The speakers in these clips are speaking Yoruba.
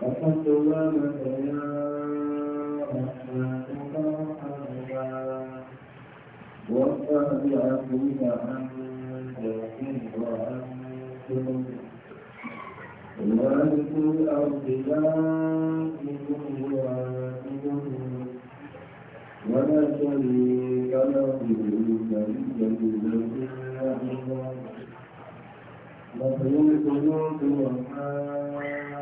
فقد ظلمك يا رحمن وفق بعفوك عن تحب وعن تحب وارث الارض لا ولا شريك له سيد الذين عظم مخلوق نوح وحاق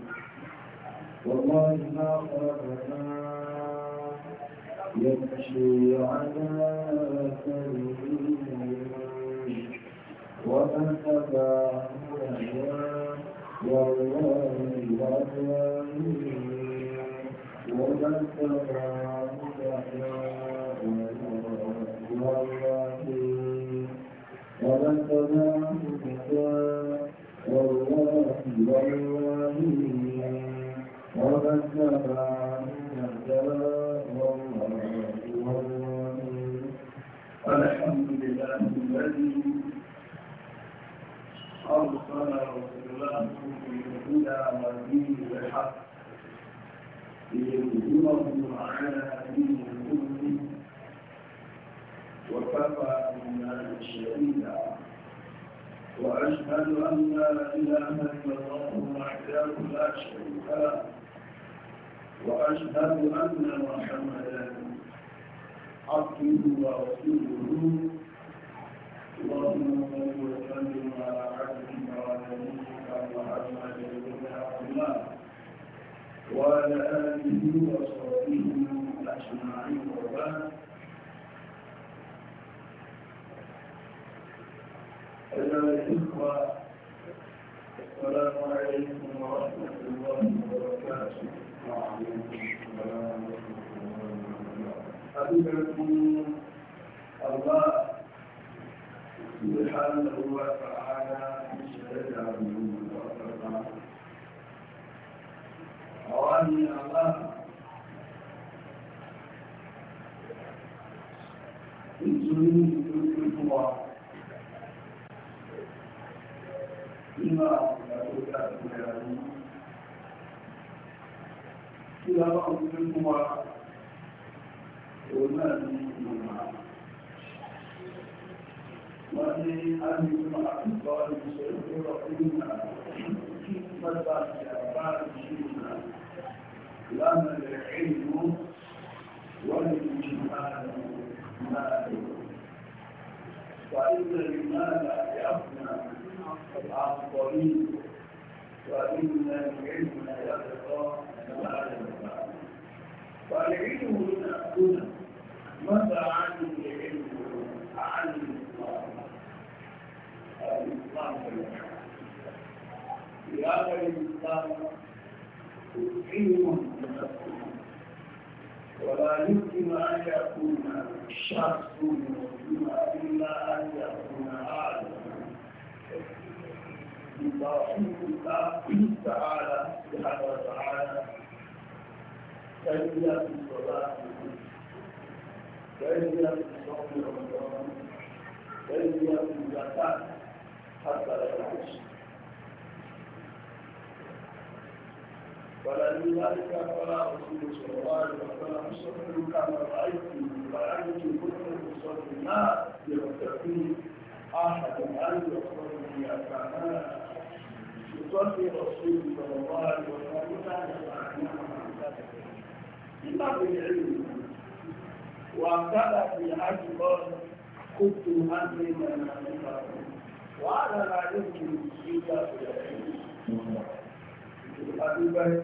والله ما خلقنا يمشي على سبيل ومن تبعه والله غني ومن تبعه ومن والله والله الحمد لله الذي أرسل رسوله بالهدى ودين الحق ليظهره على دين كله وكفى بالله شهيدا وأشهد أن لا إله إلا الله وحده لا شريك له وأشهد أن محمدا عبده ورسوله اللهم صل وسلم على عبدك ونبيك محمد بن عبد الله وعلى آله وصحبه أجمعين وبعد أيها الإخوة السلام عليكم ورحمة الله حبيبكم الله سبحانه وتعالى شهد عبدهم وأفرقا أواني الله إنسولين كل القوى بما إلى بعض منهما وما منهما وأن أبي بن عبد الله سيقولنا متى سيقاتلنا لنا العلم وللجهاد مال فإن المال يفنى عن وإن العلم يبقى مع البقاء والعلم هنا هنا ماذا عن العلم عن الإسلام الإسلام في هذا الإسلام علم بنفسه ولا يمكن أن يكون شخص إلا أن يكون عالما لطاعون الله تعالى سبحانه وتعالى تجزية الصلاة تجزية الصوم رمضان تجزية الزكاة حتى لا يعيش ولذلك قال رسول صلى الله عليه وسلم صلوا كما رايتم رايتم كل مصلي ما يرتقي احد ان يصلي كما يصلي رسول صلى الله عليه وسلم إلا بالعلم وقال في عجبه كنت أمري من أمريكا وأنا لا يمكن إلا بالعلم أبي بكر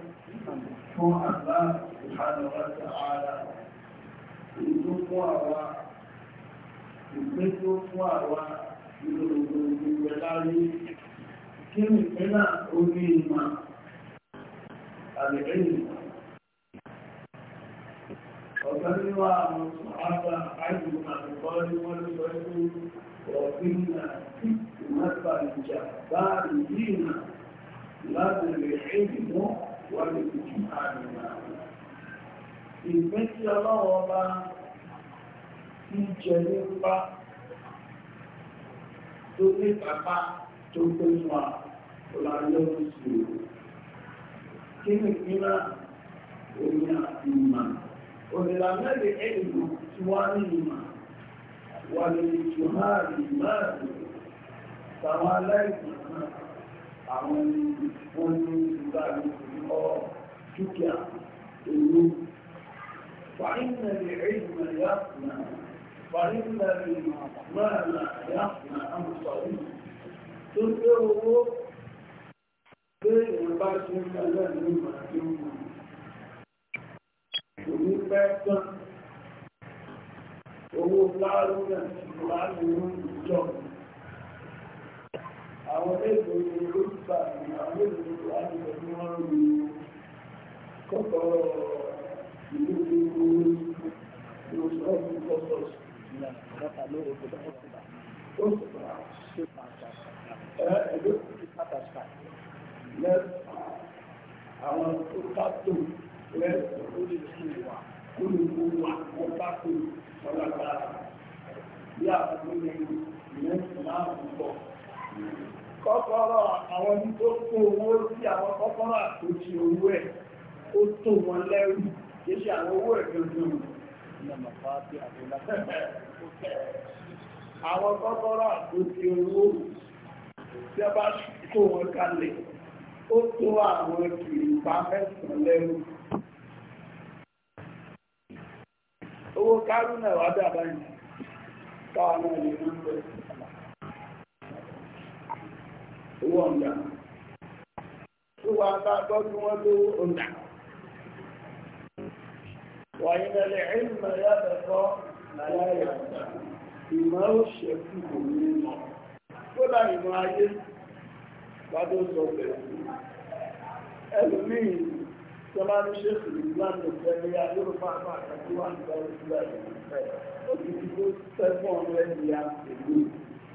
fún àgbà ìhànàwọ́ta ara ìlú fún àwa ìpínlẹ̀ fún àwa ìlú ògbòǹgbò lárí kí ní ìpínlẹ̀ orí ìmọ̀ àlẹ́lẹ́ ìmọ̀ ọ̀gá níwá àwọn ọ̀hábà àìjù àgbẹ̀kọ́ ní wọ́n ló sọ pé ọ̀gbìn náà tí ìmọ̀ta ìjà bá ìdí ìmọ̀ láti lè ṣe ìmọ̀ wà lè fi jù tó ní bàbá tó gbé fún ولعلهم يسلمون كيف الإيمان ومن الإيمان وبلغنا العلم سوان الإيمان وللجهاد ما سواء ليس àwọn wọ́n ní ìgbà ìgbà dúkìá ìlú fàínà lè rígbà yáfnà fàínà lè máa yáfnà àmùsọ̀rí tó gbé owó pé èèyàn bá ṣe ń tẹ́lẹ̀ ní ìmọ̀ràn kò ní pẹ́ tán owó láàrúnà láàrúnà ìjọ àwọn èèyàn ní olùgbà àwọn èèyàn láàrúnà tí wọ́n ń rí kọ́kọ́rọ́ ìlú ìlú ìlú ìlú ìlú Gracias lẹ́sàn-án àwọn tó tátò lẹ́sàn-án ó lè fi wà olùkó wà ó tátò ọlágbára bí àkókò ìrẹsìn àbúkọ. Kọ́kọ́rọ́ àwọn ẹni tó kó owó sí àwọn kọ́kọ́rọ́ àtòjì owó ẹ̀ ó tó wọn lẹ́rù kìí ṣe àwọn owó ẹ̀ gbogbo àwọn kọ́kọ́rọ́ àtòjì owó tí a bá kó wọn kalẹ̀ ó tó àwọn wà dàbá yìí, káwà náà lè mú pẹ̀. Owó ọ̀gá. Owó àbá gbọ́dú wọn ló ọ̀gá. Wàyí lẹ́lẹ̀ ìmọ̀ yàtọ̀ láyé àgbà. Ìmọ̀ ó ṣe fún òun mọ̀. Kó ayé. wádó sọ pẹ̀lú ẹlòmíì tó bá ní ṣètò ìgbàlódé ìfẹ́lẹ́ ayélujára àmà àti wà ní ọdún sílẹ̀ ìfẹ́ ó ti fi tó sẹ́fọ̀n rẹ̀ ní àpèlú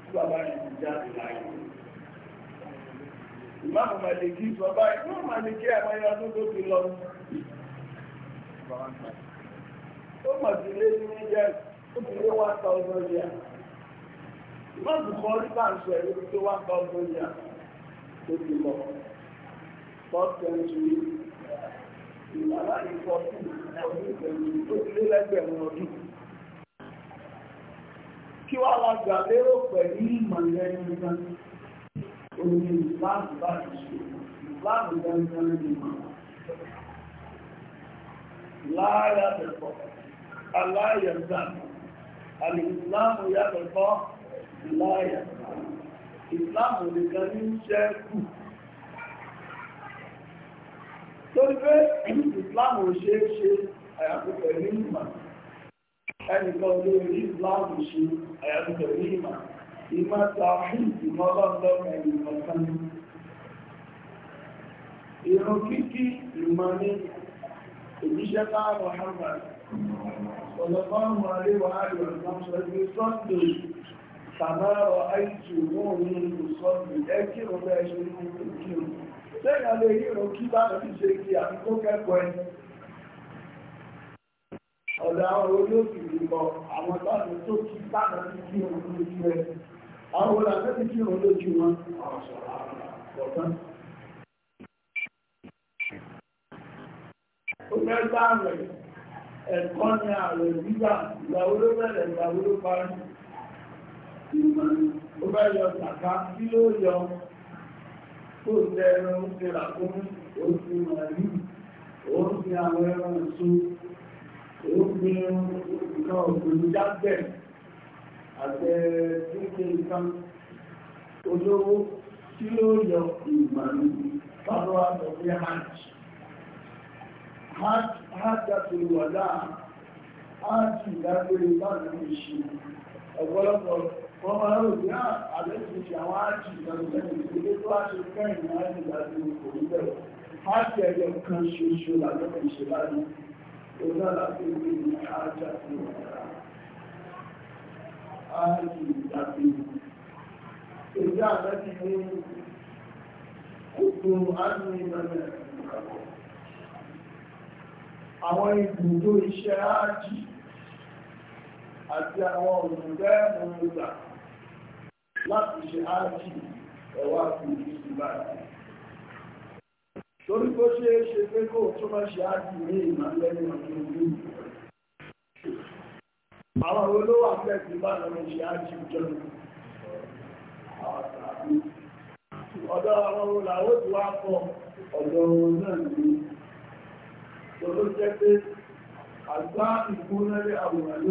tí bàbá rẹ̀ ti jáde láyé. ìmáàmù màlìkì sọ báyìí ìmáàmù màlìkì àmọ́yá ọdún tó ti lọ. ó mọ̀ sí ilé ní níjẹ́ ó ti lé one thousand years. ìmáàmù kan nígbà ń sọ ẹ̀rọ tó one thousand years tó ti lọ fourth century ìlànà ìfọ̀sùn ọdún ìfẹ̀yìn tó ti lé lẹ́gbẹ̀rún ọdún. kí wàá la gbà lérò pẹ̀lú ìmọ̀ ìrẹ́ni gan omi ìsìláàmù bá ti ṣe ìsìláàmù gangan ní ìmọ̀ láàyà tẹ̀kọ̀ aláyà gbà alìsìláàmù yàtọ̀ láyà gbà ìsìláàmù nìkan ní ṣẹ́kù torí pé ìsìláàmù ṣe é ṣe àyàtúkọ̀ ní ìmọ̀ ẹnìkan ló rí ìsìláàmù ṣe àyàtúkọ̀ ní ìmọ̀ ìmọ̀ tààfí ìmọ̀ lọ́dọ̀ ẹnìkan kan kíkí ìmọ̀ ní òjíṣẹ́ láàrùn Muhammad ọ̀lọ́gbọ́n mọ̀ àríwá àríwá ìgbàmṣẹ́ sàmárọ̀ àìsù wọ́n ní ìsọ́nù ẹkírùn bẹ́ẹ̀ ṣe ní ìkírùn lẹ́yìn alẹ́ ìrùn kí bá nàbí ṣe kí àti kó kẹ́kọ̀ọ́ ẹ̀ ọ̀dọ̀ àwọn olóògbé lọ àwọn táwọn tó kí bá nàbí kí òun lójú ẹ̀ àwọn olàmẹ́bí kí òun rẹ̀ ẹ̀kọ́ ni ààrẹ gbígbà ìgbà olóbẹ̀rẹ̀ ìgbà olóparí ó bá yọ sàká kí ló yọ tó jẹ ẹran ó ti rà fún oṣù màálù ó ń fi àwọn ẹran èso ó ń fi nǹkan ọ̀gbìn jágbẹ̀ àtẹ kíkẹ́ nǹkan olówó kí ló yọ ìmàlú bàbá wa hajj hajj àti ìwàdà hajj ìdágbére bá lè ọ̀pọ̀lọpọ̀ wọ́n máa rò ní ah, àlẹ́sìnṣẹ́ àwọn ájì ìdánilẹ́yìn ìdílé tó láti kẹ́yìn láti ìdájú kò ní bẹ̀rẹ̀ ájì ẹ̀yọ kan ṣoṣo làjọ́kọ̀ ìṣe láti ọjọ́ láti ní ní ájá sí ọ̀rá ájì iṣẹ́ ájì àti àwọn òṣìṣẹ́ mọ̀lúgbà láti ṣe ájì ẹ̀wà kù ìsìnbà torí kó ṣe é ṣe pé kó tó bá ṣe ájì ní ìmá lẹ́yìn ọdún ojú àwọn olówó akẹ́kọ̀ọ́ bá lọ́nà ṣe ájì jọlọ ọ̀dọ̀ àwọn olàwó tí wá pọ̀ ọ̀dọ̀ òun náà ní tó ló jẹ́ pé àgbá ìkúnlẹ́rẹ́ àwòrán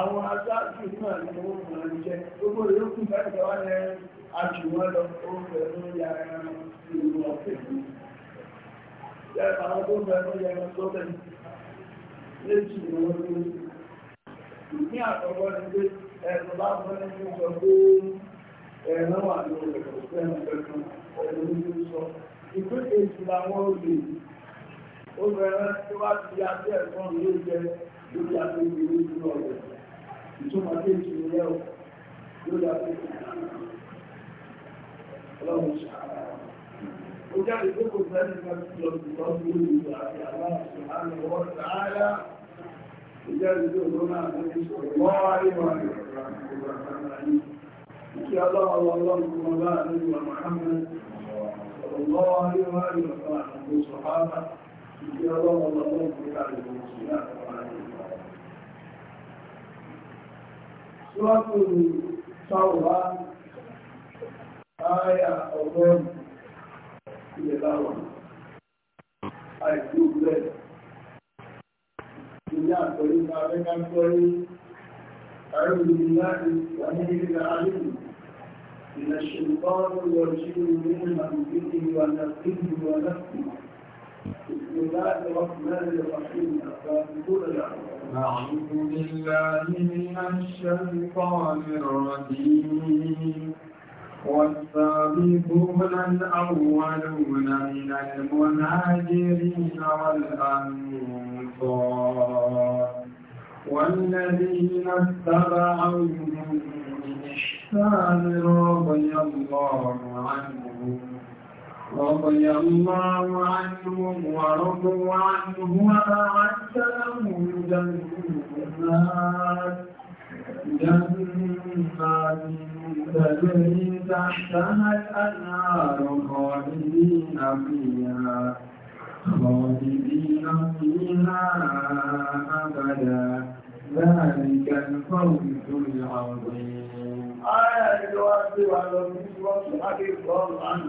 àwọn aṣáájú náà ni ó mọ̀ ní jẹ́ gbogbo ìlú kù bá ìjọba ní àjùwọ́n lọ ó fẹ̀rù ya ẹran ìlú ọ̀fẹ́ yìí yẹ àwọn tó fẹ̀rù ya ẹran tó bẹ̀ méjì ni wọ́n ló ní àkọ́kọ́ ni pé ẹ̀rọ bá fẹ́ ní sọ pé ẹ̀rọ wà ní ọ̀rẹ́ ọ̀fẹ́ ọ̀fẹ́ ẹ̀rọ ló sọ ìpínlẹ̀ èjì làwọn olè ó fẹ́ràn tí wọ́n ti ya sí ẹ̀fọn ló jẹ lórí àti ìlú ọ̀rẹ́ ìtumọ̀ tí èkì ní ẹ̀rọ ló dá sí ọlọ́run ṣàrà ó jáde tó kò fẹ́ nípa lọ sí lọ́sí olùdó àti aláàṣẹ àmì ọwọ́ sàárà ó jáde tó lọ náà ló ti sọ̀rọ̀ wọ́n wá rí wọn rẹ̀ kí ọlọ́run ọlọ́run kúmọ bá àdúgbò Muhammad ọ̀rọ̀ wọ́n wá rí wọn rẹ̀ kó sọ̀rọ̀ bá ìdí ọlọ́run ọlọ́run kúmọ bá àdúgbò Muhammad sọ́ọ̀tù sáwọ̀wá ààyà ọgọ́rùn ilẹ̀ láwà àìkú bẹ́ẹ̀ ilé àtọ̀rí ní abẹ́gbẹ́gbọ́rí àrùn láti wà ní ilẹ̀ àríwì إلى الشيطان يرجل من منزله ونفسه ونفسه بسم الله الرحمن الرحيم أفاتكم الأعراض أعوذ بالله من الشيطان الرجيم والسابقون الأولون من المهاجرين والأنصار والذين اتبعوهم من إحسان رضي الله عنهم رضي الله عنهم ورضوا عنه وأعد لهم جنات جنات تجري تحتها الأنهار خالدين فيها خالدين فيها أبدا ذلك الفوز العظيم آية الواجب على المسلمين وصحبه الله عنه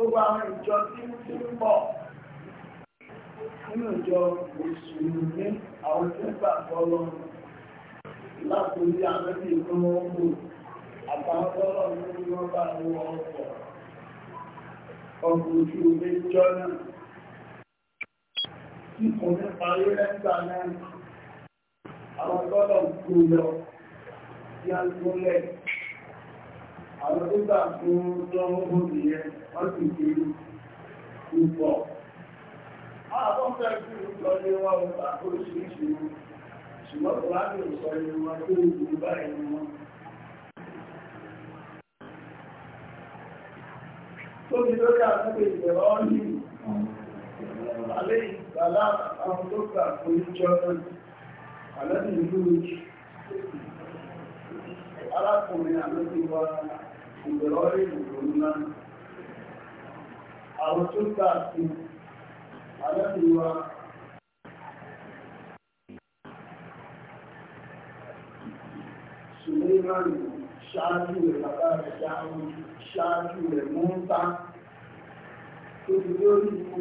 gbogbo àwọn ìjọ tí ń tí ń pọ̀ nínú ìjọ mùsùlùmí àwọn tí ń gbà tọ́lọ́ látòrí àmẹ́bí tó wọ́n àtàwọn tọ́lọ́ ní wọ́n bá wọ ọkọ̀ ọkọ̀ ojú omi jọ náà tí kò ní parí lẹ́gbà náà àwọn tọ́lọ́ gbò lọ tí a àwọn tó gbà fún lọ́wọ́ òní yẹn wọ́n sì fi ìpọ̀. àwọn fẹ́ kí lọ ní wọn ò bá oríṣiríṣi wọn ṣùgbọ́n kò láti sọ ẹni wọn tó ìlú báyìí wọn. tóbi lórí àtúntò ìbẹ̀rẹ̀ ọ́nì alẹ́ ìgbàlá àwọn tó gbà fún ìjọ náà alẹ́ ìlú arákùnrin àlọ́ ti wá ìgbẹ̀rọ̀rí ìgbòrúnlá àwọn tó gbà sí alẹ́bíwá sùlẹ́mánì ṣáájú rẹ̀ bàbá rẹ̀ dáhùn ṣáájú rẹ̀ mọ́ńtá tó fi lórí ikú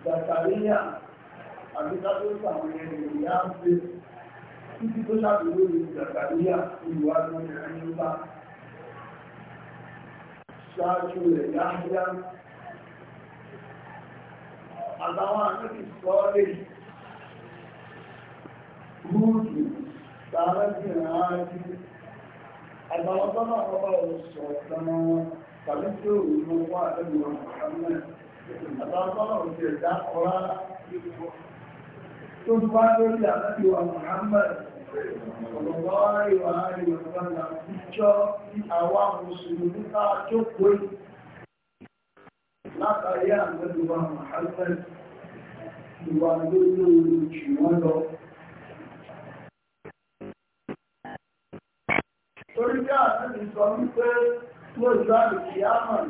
gbàtàríyà àti tábílì ẹ̀rọ ìyá ń pèsè títí tó ṣàkóso ìlú jàkàríyà olùwádùn ìrìn nípa ṣáájú rẹ̀ yáhíyá àtàwọn àtúntì sọ́ọ́lẹ̀ rúùtù tààrẹ́sì rántí àtàwọn tọ́nà ọba ọ̀sọ̀ ọ̀tọ́nà wọn tàbí tí ó rú wọn wà lẹ́gbẹ̀rún àtàwọn tó ń bá lórí àmàbíwà Muhammad ọ̀rọ̀lọ́rọ̀ ìwà ìwọ̀nbọ̀nà ìjọ àwa mùsùlùmí bá jókòó látàrí àmàbíwà Muhammad ìwà torí bí àtúnṣe sọ wípé lóòjọ́ àlùkìyàmọ̀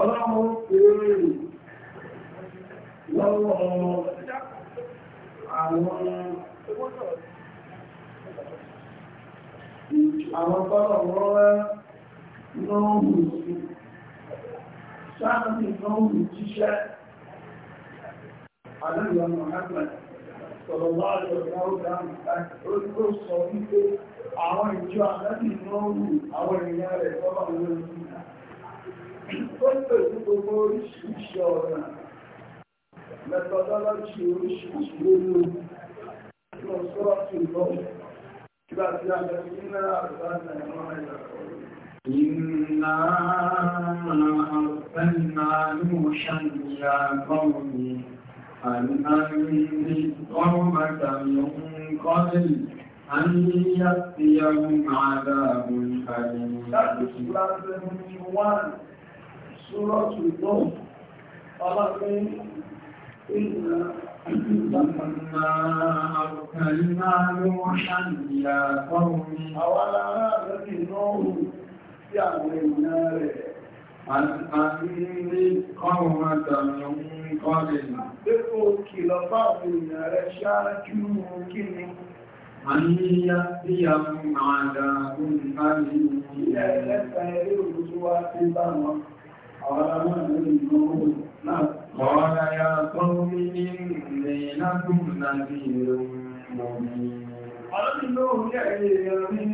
ọlọ́run ó pèrè lọ́wọ́ àwọn tọ́lọ̀ wọ́wẹ́ lọ́wọ́ sí sáàmì lọ́wọ́ jíṣẹ́ alẹ́lọ́ Muhammad sọ̀rọ̀lá àjọ̀dá ó dáàmù ó sọ wípé àwọn ìjọ àdájì lọ́wọ́ àwọn ènìyàn rẹ̀ tọ́lọ̀ wọ́wẹ́ sí methodology oríṣiríṣi lórí ìlú sọ́ọ̀tì lọ nígbà tí a bẹ̀rẹ̀ sí náà àgbà nàìjíríà ìyàtọ̀. Inna arsalna Nuhan ya qawmi an anzir qawmaka min qabl an ya'tiyahum 'adhabun alim. That is Surah 71, Surah 2, Allah لما أرسلنا نوحا يا قوم أولا تكنوه يعلمنا أن أنذر قومة من قبل بقوك لطاقنا رشاكم كنه أن يأتيهم عذاب أليم ليلة يرجو أتبعهم أولا تكنوه قال يا قوم إني لكم نذير مبين قال له يا إيرمين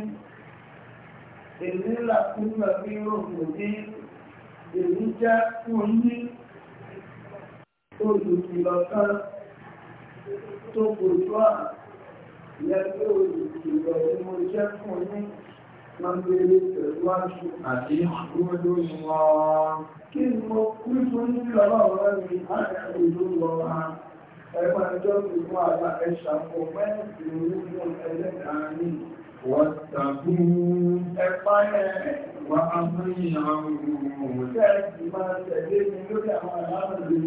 إني لكم نذير مبين èyí jẹ́ fún yí olùkìlọ̀ kan tó kò tó à lẹ́gbẹ́ olùkìlọ̀ tí mo jẹ́ fún yí Mọ́gbèrè tẹ̀lúwájú àti ìgbòrò lọ. Kí ni mo kú fún ní ọlọ́rọ̀ mi láàrin ìlú lọ ha? Ẹgbà ìjọ́ ti fún àgbà ẹ̀ṣà fún mẹ́rin ìlú fún ẹlẹ́ta ní wọ́n tàbí ẹ̀pá ẹ̀ wà á fún ìyàwó. Ṣé ẹ̀ ti máa tẹ̀lé mi lórí àwọn aláàbò ní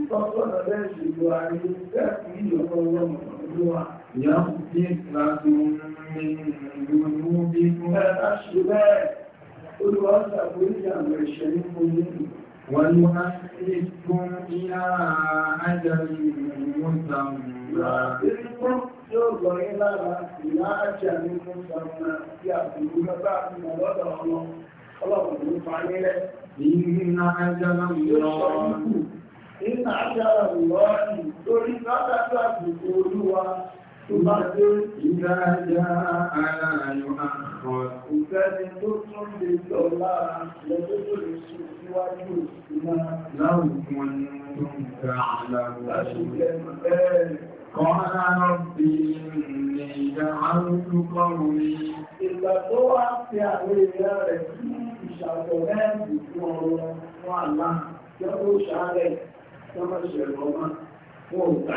ìtọ́sọ́nà lẹ́ṣìn ìlú ayé tẹ́ẹ̀kì ìjọba ọlọ́run lọ́wọ́. يغفر لكم من ذنوبكم الأشباه قل وسأقول بشريك ويؤخركم إلى أجل مسمى Yóò rí lára ìlà àjẹ́ ní fún ṣàrùnà tí a fi rú mẹ́ta àti ọlọ́dọ̀ ọmọ ọlọ́pùn ní fanílẹ̀. Ìrìnà àjẹ́ náà yọ́. Ìrìnà àjẹ́ náà yọ́ تبدل إذا جاء لا يؤخر وكان تطلب بالدولار لتدل السوء لو كنتم تعلمون قال ربي إني دعوت قومي إذا توقف يا رجال ìṣàtọ̀lẹ́ ìfún ọ̀rọ̀ wọn àlá jẹ́ ó ṣàárẹ̀ tọ́mọ̀ṣẹ̀rọ̀ wọn fún òǹtà.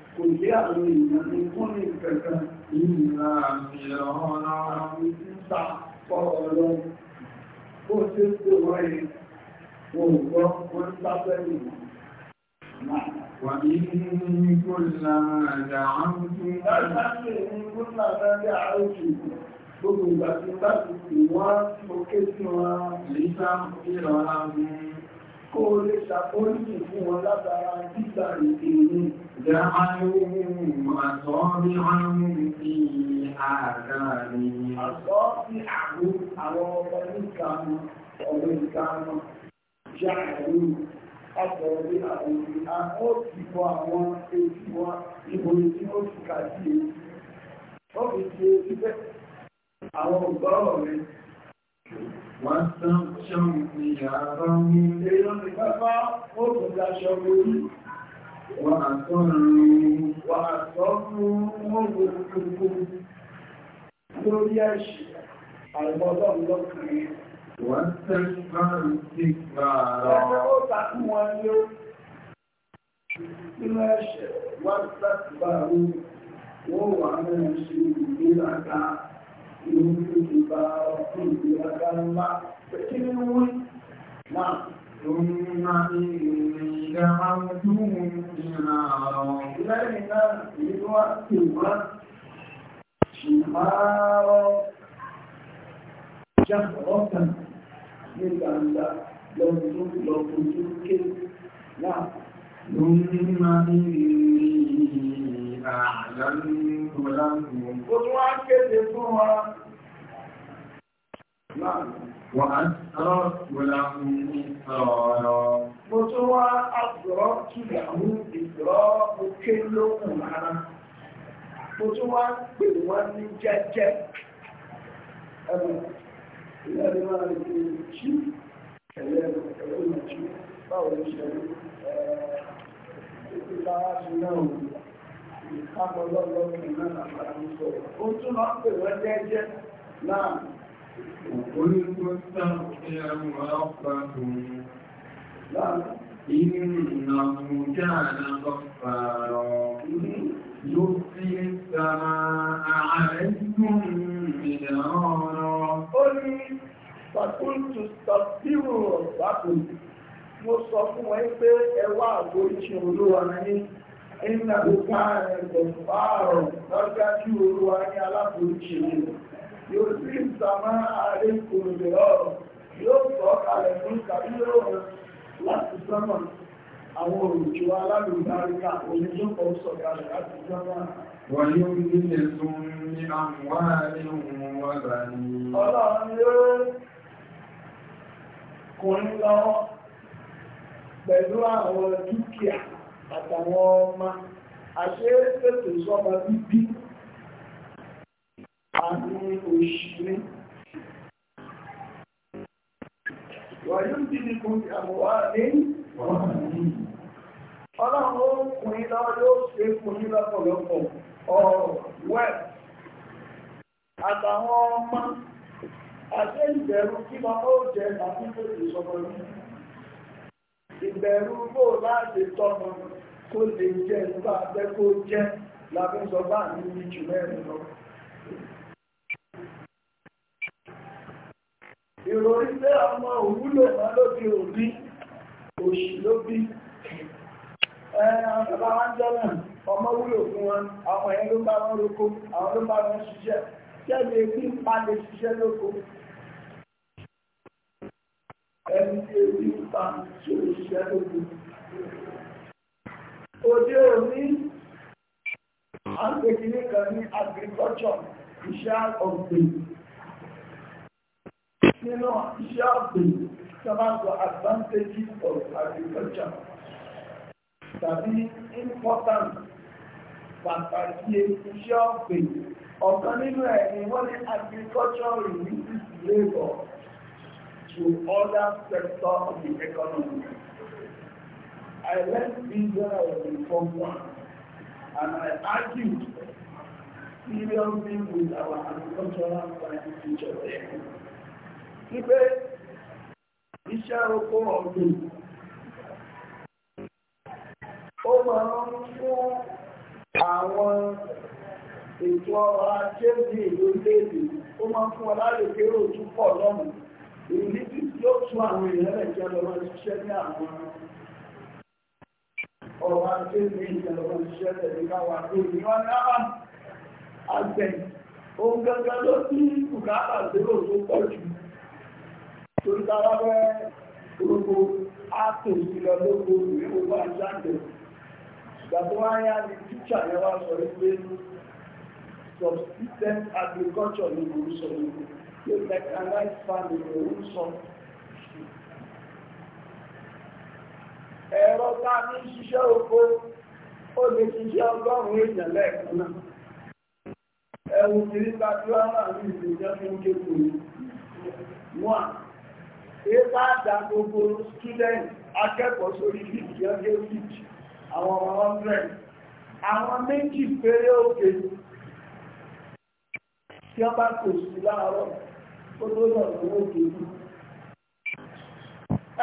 kò jẹ́ àwọn èèyàn ní fún ní kẹta ìrìnà ìrọ̀rùn àwọn ìsíta fọ́ọ̀lọ́ ó ṣe pé wọ́n wọ́n gbọ́ wọ́n sáfẹ́ ìwọ̀n Gbogbo ìgbà tí bá ti wá, ó ké sí lè sáà ìrọ̀lá mú kó lè ṣàkóríkì fún wọn látara gbígbà ìpínlẹ̀ Jàmàlúhùn àtọ́bí ọ̀rún sí àgbàrí. Àtọ́bí àrú àwọn ọmọ ìkàmù, ọmọ ìkàmù, jàrú, ọgbọ̀rí àwọn ìhàmọ́ ìbò àwọn èsì wọn, ìbò ìdí ó ti kà sí èsì. Ó fi ṣe ẹgbẹ́ àwọn ọgbọ́rọ̀ rẹ̀. Wàtánṣán ni àbá ní ilé lọ́nà pápá ó kò dáṣọ lórí. wọ́n gbogbo lórí ẹ̀ṣì àìmọ́dọ́ Wọ́n tẹ́ márùn-ún sí gbàrà. Ẹgbẹ́ ó ìlú ti bá ọdún ìgbéraga ńlá kí ni wọ́n náà ثم إني دعوتهم نارا ليلا لوقتها شهارا جهرة nígbà ńlá lọ́dún lọ́dún tó ké náà ثم إني àyànjú láàrín. Ó tún wá kéde fún wa. Wà á sọ́rọ̀ wọlá fún ọ̀rọ̀. Mo tún wá àgbọ̀rọ̀ kìyàwó ìgbọ̀rọ̀ òkè lóhùn rárá. Mo tún wá pè wọ́n ní jẹ́jẹ́. Ẹ̀rọ ilé ẹ̀rọ máa ń fi jí ẹ̀rọ ẹ̀rọ ìjú báwo ló ṣe ìkápọ̀ lọ́lọ́kùnrin náà làbára ń sọ̀rọ̀. Ó tún máa ń pè wọ́n jẹ́jẹ́ náà. Olúkọ́ sáàkì àwọn ọ̀pàdùn. Ìnà mújá àlọ́pàá yóò fi sàmà àárẹ́gùn ìdàrọ́rọ̀. Ó ní pàtúntù sàbírò ọ̀pàdùn. Mo sọ fún wọn pé ẹwà àgbóríṣẹ́ olówó ara yìí ẹ̀nà òkà ẹ̀gbọ̀nbáàrọ̀ lọ́gbájú olúwa ní aláforíṣe yóò sí ìsàmá àrékòrò ọ̀rọ̀ yóò sọ kalẹ̀ fún kàbílò láti sánmà àwọn òjò alálùbáríkà oníjọ́pọ̀ sọ kalẹ̀ láti sánmà wọ́n yóò ní ẹ̀sùn ní àmúwárí ohun wà bá ní ọlọ́run yóò àtàwọn ọmọ àṣẹ ètò sọ́mọ bíbí àmì òṣìṣẹ́ wàyú ti di kò ní àmúwá ní ọlọ́run ó kùn ní lọ́wọ́ yóò ṣe kùn ní lọ́pọ̀lọpọ̀ ọ̀rọ̀ wẹ́ àtàwọn ọmọ àṣẹ ìbẹ̀rù kí ma ó jẹ àmì ètò sọ́mọ bíbí ìbẹ̀rù kó láti tọ́mọ kó lè jẹ́ nípa abẹ́ kó jẹ́ lábẹ́sọ bá ní ní jù mẹ́rin lọ. ìròyìn pé ọmọ òwúlò má ló bí òbí òṣì ló bí ẹ àtọ́bà wá ń jọ́nà ọmọ wúlò fún wọn àwọn ẹ̀ ló bá wọn roko àwọn ló bá wọn ṣiṣẹ́ jẹ́bi ebi ń pa lè ṣiṣẹ́ lóko ẹni tí ebi ń pa tí ò ṣiṣẹ́ lóko òde òní àgbègbè kan ní agriculture iṣẹ́ ọ̀gbìn nínú iṣẹ́ ọ̀gbìn sábàtò advantages of agriculture tàbí important pàtàkì iṣẹ́ ọ̀gbìn ọ̀kan nínú ẹ̀ ni wọ́n ní agriculture releases labour to other sector of the economy. I left Israel from one, and I argued seriously with our agricultural science teacher there. He said, iṣẹ́ oko ó máa ń fún àwọn ètò ọrọ̀ ajé ní ìlú léèdè ó máa ń fún ọ kéré ojú pọ̀ lọ́nà ìrísí tí ó tún àwọn èèyàn jẹ́ lọ́wọ́ ṣiṣẹ́ ọ̀rọ̀ máa ń ké ní ìjọba òṣìṣẹ́ tẹ̀lé káwà tó ní wọ́n náà àgbẹ̀yìn ohun gẹ́gẹ́ ló sí bùkátà zero tó pọ̀ jù torí tára fẹ́ gbogbo àtò subsistence agriculture ni mo sọ wípé mechanized farming ló ń sọ ẹ̀rọ tá ní ṣiṣẹ́ oko ó lè ṣiṣẹ́ ọgọ́rùn-ún èèyàn lẹ́ẹ̀kan náà ẹ̀wù kìí bá tí wọ́n rà ní ìgbésẹ̀ student akẹ́kọ̀ọ́ sórí ọjọ́ àwọn ọmọ àwọn méjì péré òkè tí wọ́n bá kò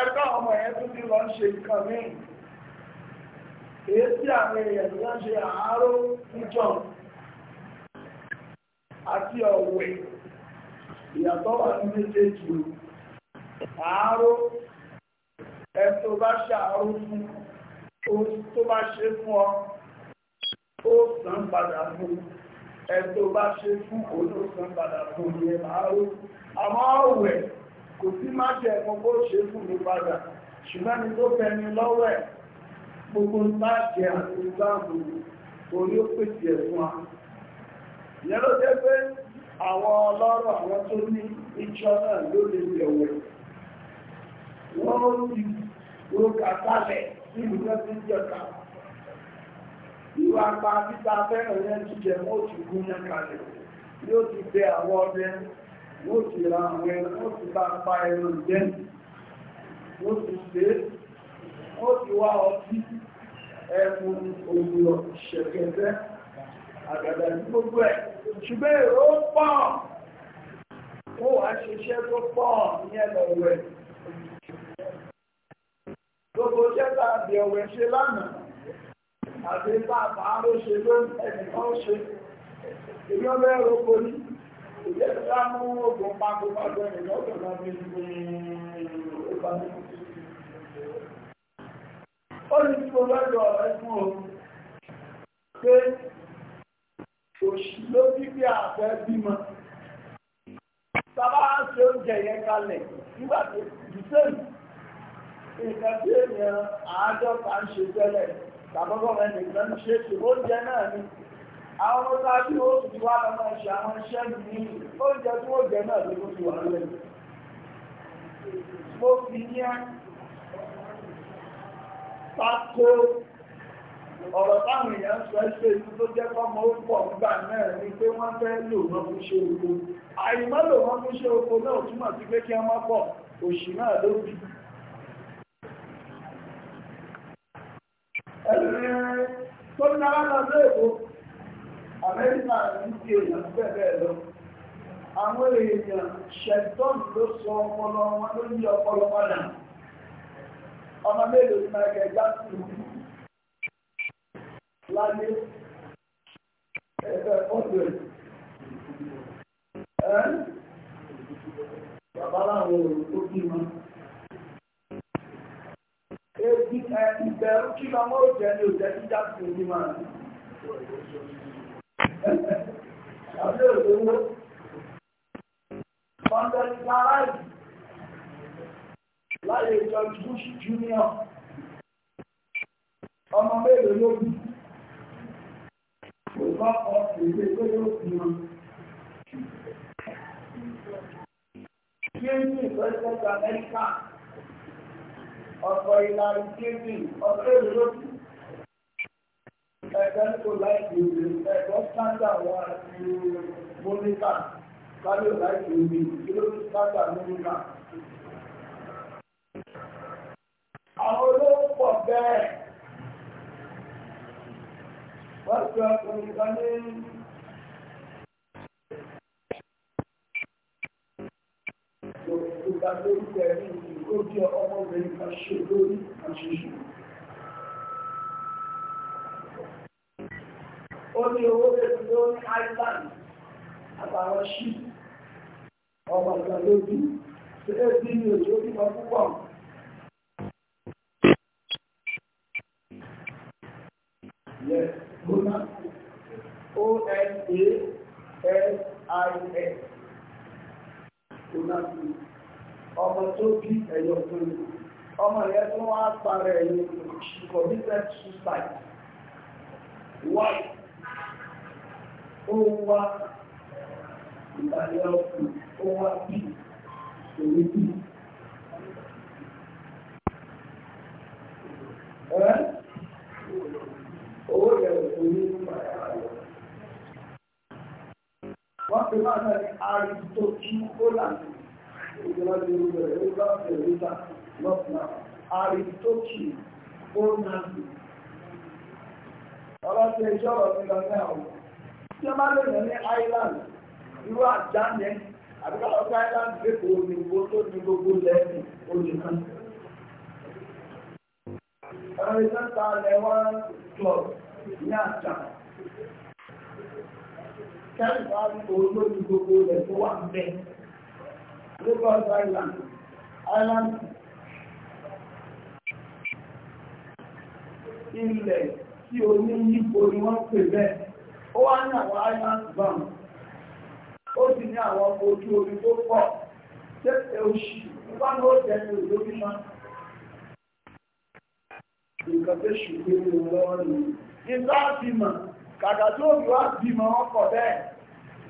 ẹgbẹ́ ọmọ yẹn tún ti lọ ń ṣe nǹkan míì èyí tí àwọn èèyàn ló ń ṣe àárò níjọ àti ọ̀wẹ̀ ìyàtọ̀ wà ní méjèèjì àárò ẹ tó bá ṣàárò fún tó bá ṣe fún ọ ó san padà fún ẹ tó bá ṣe fún òun ó padà fún ìyẹn àárò àmọ́ ọ̀wẹ̀. kò sí má jẹ ẹ̀kan bó ṣe fún mi padà ṣùgbọ́n ni tó fẹni lọ́wọ́ ẹ̀ gbogbo ńlá jẹ àti ìgbàmù orí ó pèsè ẹ̀ fún wa ìyẹn ló jẹ́ pé àwọn ọlọ́rọ̀ àwọn tó ní ìjọ náà ló lè wọ́n ti sí ìlú wọ́n ti ra àwọn ẹran wọ́n ti bá pa ẹran jẹ́ wọ́n ti ṣe wọ́n ti wá ọtí ẹmu òwúrọ̀ ṣẹ̀kẹ̀tẹ́ àgàdà ní gbogbo ẹ̀ ṣùgbọ́n èrò pọ̀ ó wàá ṣiṣẹ́ tó pọ̀ ní ẹlọ́wẹ̀ gbogbo ṣẹ́ta àbí ọ̀wẹ̀ ṣe lánàá àti a ló ṣe lónìí ẹnìkan ṣe èyí ọlọ́ẹ̀rọ kò ní ìyẹ́ ti wá mú ogun pákópákó ènìyàn ó tọ̀nà bí i ọba ní ó ní tí o pé òṣì ló bí bí àfẹ́ bímọ sábà ń ṣe oúnjẹ yẹn kalẹ̀ nígbà tó dùsẹ́yìn nǹkan tí ènìyàn àádọ́ta ń ṣe tẹ́lẹ̀ tàbọ́bọ́ mẹ́rin kan ń ṣe oúnjẹ náà ni àwọn ọmọ tá a bí ó sì wá lọ máa ṣe àwọn iṣẹ́ mi oúnjẹ tí wọ́n jẹ náà ló ló wà lẹ́nu mo fi yẹn pàtó ọ̀rọ̀ táwọn èèyàn sọ ẹ́sẹ̀ ìlú tó jẹ́ kọ́mọ ó pọ̀ nígbà náà ni pé wọ́n fẹ́ lò wọ́n fi ṣe oko àìmọ́ lò wọ́n fi ṣe oko náà túmọ̀ sí pé kí wọ́n pọ̀ òṣì náà ló bì ẹ̀rìn lé èkó amẹ́ríkà ń ti èèyàn bẹ́ẹ̀ lọ àwọn èèyàn ṣẹ̀tọ́n ló sọ ọpọlọ wọn ló yí ọpọlọ padà ọmọ mélòó ní ẹgbẹ́ jáde láyé ẹgbẹ́ ọ̀dọ̀ ẹ̀ bàbá láwọn òrùkó bí wọn. Ebi ẹ ìbẹ̀rù kí lọ́mọ́ òjẹ́ ni òjẹ́ jíjà sí ojú máa Àbúrò Ọmọ mélòó ló bí? Kò bá ọ ìwé pé ó fi hàn. Kíyèsí ìfẹ́sẹ̀ Amẹ́ríkà, ọ̀pọ̀ ìlànà kíyèsí, ọ̀pọ̀ èlò ló bí mẹkáníkò láìpì omi ẹ̀kọ́ sáńdà wọn àti mọ́níkà káyọ̀ láìpì omi kílódé sáńdà mọ́níkà. àwọn olóòpọ̀ bẹ́ẹ̀ wọ́n ti ọkùnrin kan ní ìgbàlórúkọ ẹ̀rí ìgbòjì ọmọbìnrin kan ṣe lórí àṣìṣe. ní owó tẹ̀sí ló ní island àtàwọn ṣí ọmọ ìgbà ṣe é bí ní òjò bímọ púpọ̀ O N A S I S. Bona. Ọmọ tó bí ẹ̀yọ̀ tó lè. Ọmọ yẹn tó wá parẹ́ ẹ̀yọ̀ kò ní fẹ́ suicide. Why? ó wá ìbàlẹ̀ ọkùn ó wá bí òwe bí. Owó yẹ kò ní ìpàdé àlọ́. Wọ́n fi máa náà ní ariwo tó kí ó lànà. Ìjọba ti rú bẹ̀rẹ̀ ó bá bẹ̀rẹ̀ nígbà lọ́pùnà. Ariwo tó kí ó ti lọ ní àwọn tí a máa lè yàn ní island irú àjá yẹn àbíkọ́ ọ̀gá island lẹ́kọ̀ọ́ òyìnbó tó ní gbogbo lẹ́yìn oṣù kan. ẹ̀rọ ìsẹ́ta lẹ́wọ́n club ní àjà kẹ́rìbá olóòtú gbogbo rẹ̀ tó wà bẹ́ Lagos Island Island ilẹ̀ tí o ní yípo ni wọ́n pè bẹ́ẹ̀ ó wá ní àwọn island bank ó sì ní àwọn ojú omi tó pọ̀ tẹ́tẹ̀ oṣù nípa ní ó tẹ̀lé olómi máa nǹkan tó ṣùgbé ní lọ́wọ́ ní ìgbà bímọ kàkà tó bí wá bímọ wọn kọ̀ bẹ́ẹ̀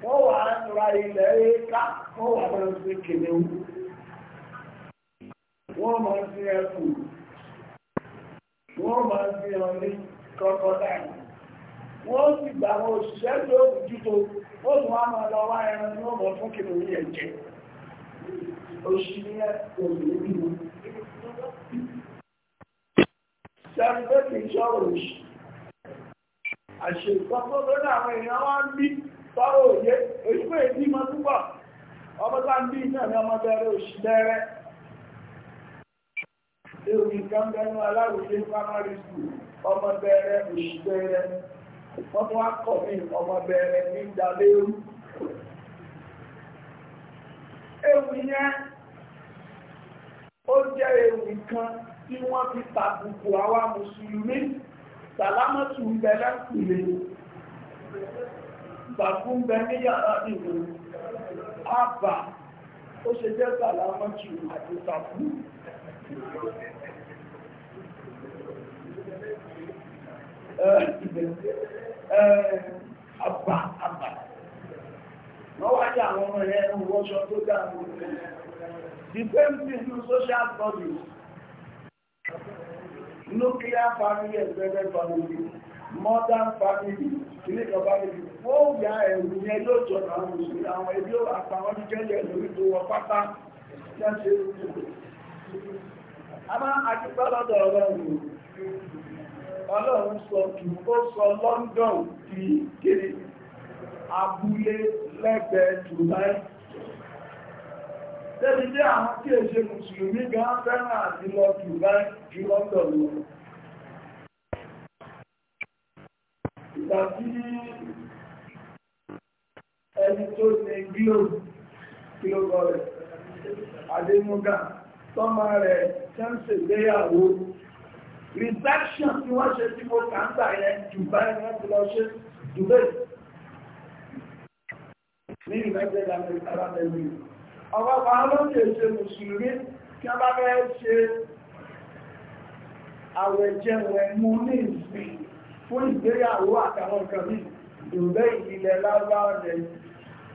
wọ́n wà ra ilẹ̀ éka wọ́n wà máa ń fi wọ́n máa ń fi wọ́n máa ń fi kọ́kọ́ wọ́n sì gbà àwọn òṣìṣẹ́ tó jútó ó tún wá máa lọ wá ẹran ní ọmọ fún kí lórí ẹ̀jẹ̀ òṣìṣẹ́ òṣìṣẹ́ sẹ́rùbẹ́tì ìṣọ́rọ̀ òṣì àṣèkọ́kọ́ lórí àwọn èèyàn wá ń bí tọ́rọ òye èyíkò èdè mọ́ púpọ̀ ọmọ tá bẹ̀rẹ̀ òṣì bẹ̀rẹ̀ wọ́n tún wá kọ̀ mí ọmọ bẹ̀rẹ̀ ní ìdálérú ewu yẹn ó jẹ́ ewu kan tí wọ́n fi tàbùkù àwa mùsùlùmí sàlámọ́tù ń bẹ lẹ́kùnlé bàbú ń bẹ ní yàrá nìwò àbà ó ṣe jẹ́ sàlámọ́tù àti tàbù Thank Eh, àbà àbà wọ́n wá jẹ́ àwọn ọmọ ẹ̀yẹ ẹ̀rùn wọ́ṣọ tó dáàbò the same thing social studies nuclear family extended family modern family clinical family wọ́n yà ẹ̀rù yẹn yóò àwọn òṣèlú àwọn ẹbí lórí tó wọ pátá a máa lọ́dọ̀ ọlọ́run sọ ó sọ London di kiri abúlé lẹ́gbẹ̀ẹ́ Dubai tẹ́bi jẹ́ àwọn tí è ṣe mùsùlùmí gan fẹ́ràn àti lọ Dubai ju London lọ ìgbà tí ẹni tó ní globe kí ló kọ rẹ̀ Adémúgà tọ́mọ rẹ̀ tẹ́ǹsì gbéyàwó resection tí wọ́n ṣe tí mo kà ń gbà yẹn Dubai wọ́n ti lọ ṣe Dubai ní United Arab Emirates ọ̀pọ̀pọ̀ alóòjè ṣe mùsùlùmí kí wọ́n bá fẹ́ ṣe àwẹ̀jẹwẹ̀ mú ní ìsìn fún ìgbéyàwó àtàwọn nǹkan ní Dubai ilẹ̀ lábáwọ̀ rẹ̀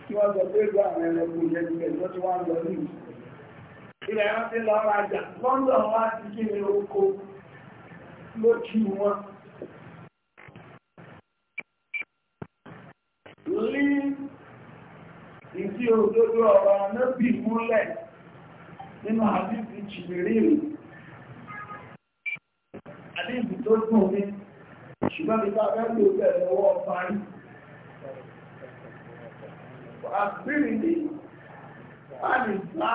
tí wọ́n sọ pé ìlú àwọn ẹranko yẹn ti bẹ̀rẹ̀ lójú wọn lí ìdí òdodo ọ̀rọ̀ anábì múlẹ̀ nínú àdíbi jìbìrìrì àdíbi tó gùn ní ṣùgbọ́n ní bá bẹ́ẹ̀ ló bẹ̀rẹ̀ ọwọ́ parí àbírí ní wà ní bá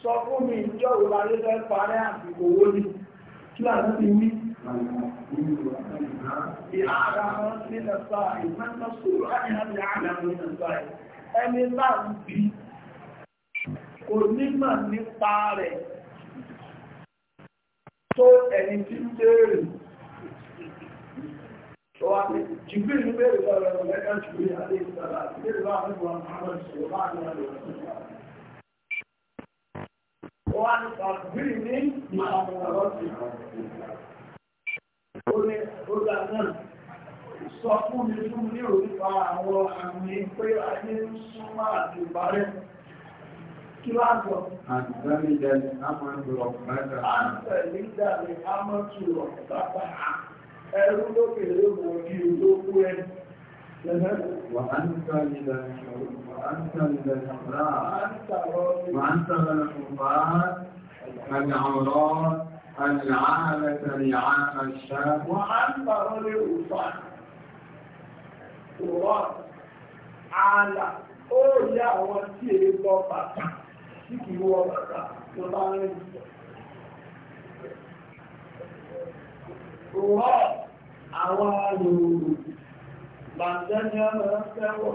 sọ fún mi ìjọ́ ìwà ló fẹ́ parí àbìkò owó nìí kílá náà ti wí ẹni náà ń bí onímọ̀ nípa rẹ̀ tó ẹni tí ń béèrè tó wá ní jìbí ní lọ́rọ̀ ẹ̀rọ lẹ́gbẹ̀ẹ́ jùlọ àdé ìsọ̀rọ̀ àti ìrọ̀ àwọn ọmọ láàrin àwọn wá ní tàbí ní ìmọ̀rọ̀tì. Ó ní ọjà náà sọ fún mi fún ní òrípa àwọn àmì pé ayé ń súnmọ́ àti ìbárẹ́. Kí wá gbọ́? Àtìdámídàlì Amọ́tùrọ̀ bàtà. Àtìdámídàlì Amọ́tùrọ̀ bàtà. Ẹrú lókèrè mọ̀ ní olókú ẹni. وأنت لذا وأنت لذا الحراء وأنت لذا الحفاة العورات العامة لعام الشاب وأنت للأصال وراء على أولى وسيل بابا سيكي هو بابا وطالب وراء àwọn Bàtẹ́jọ́ lọ sẹ́wọ̀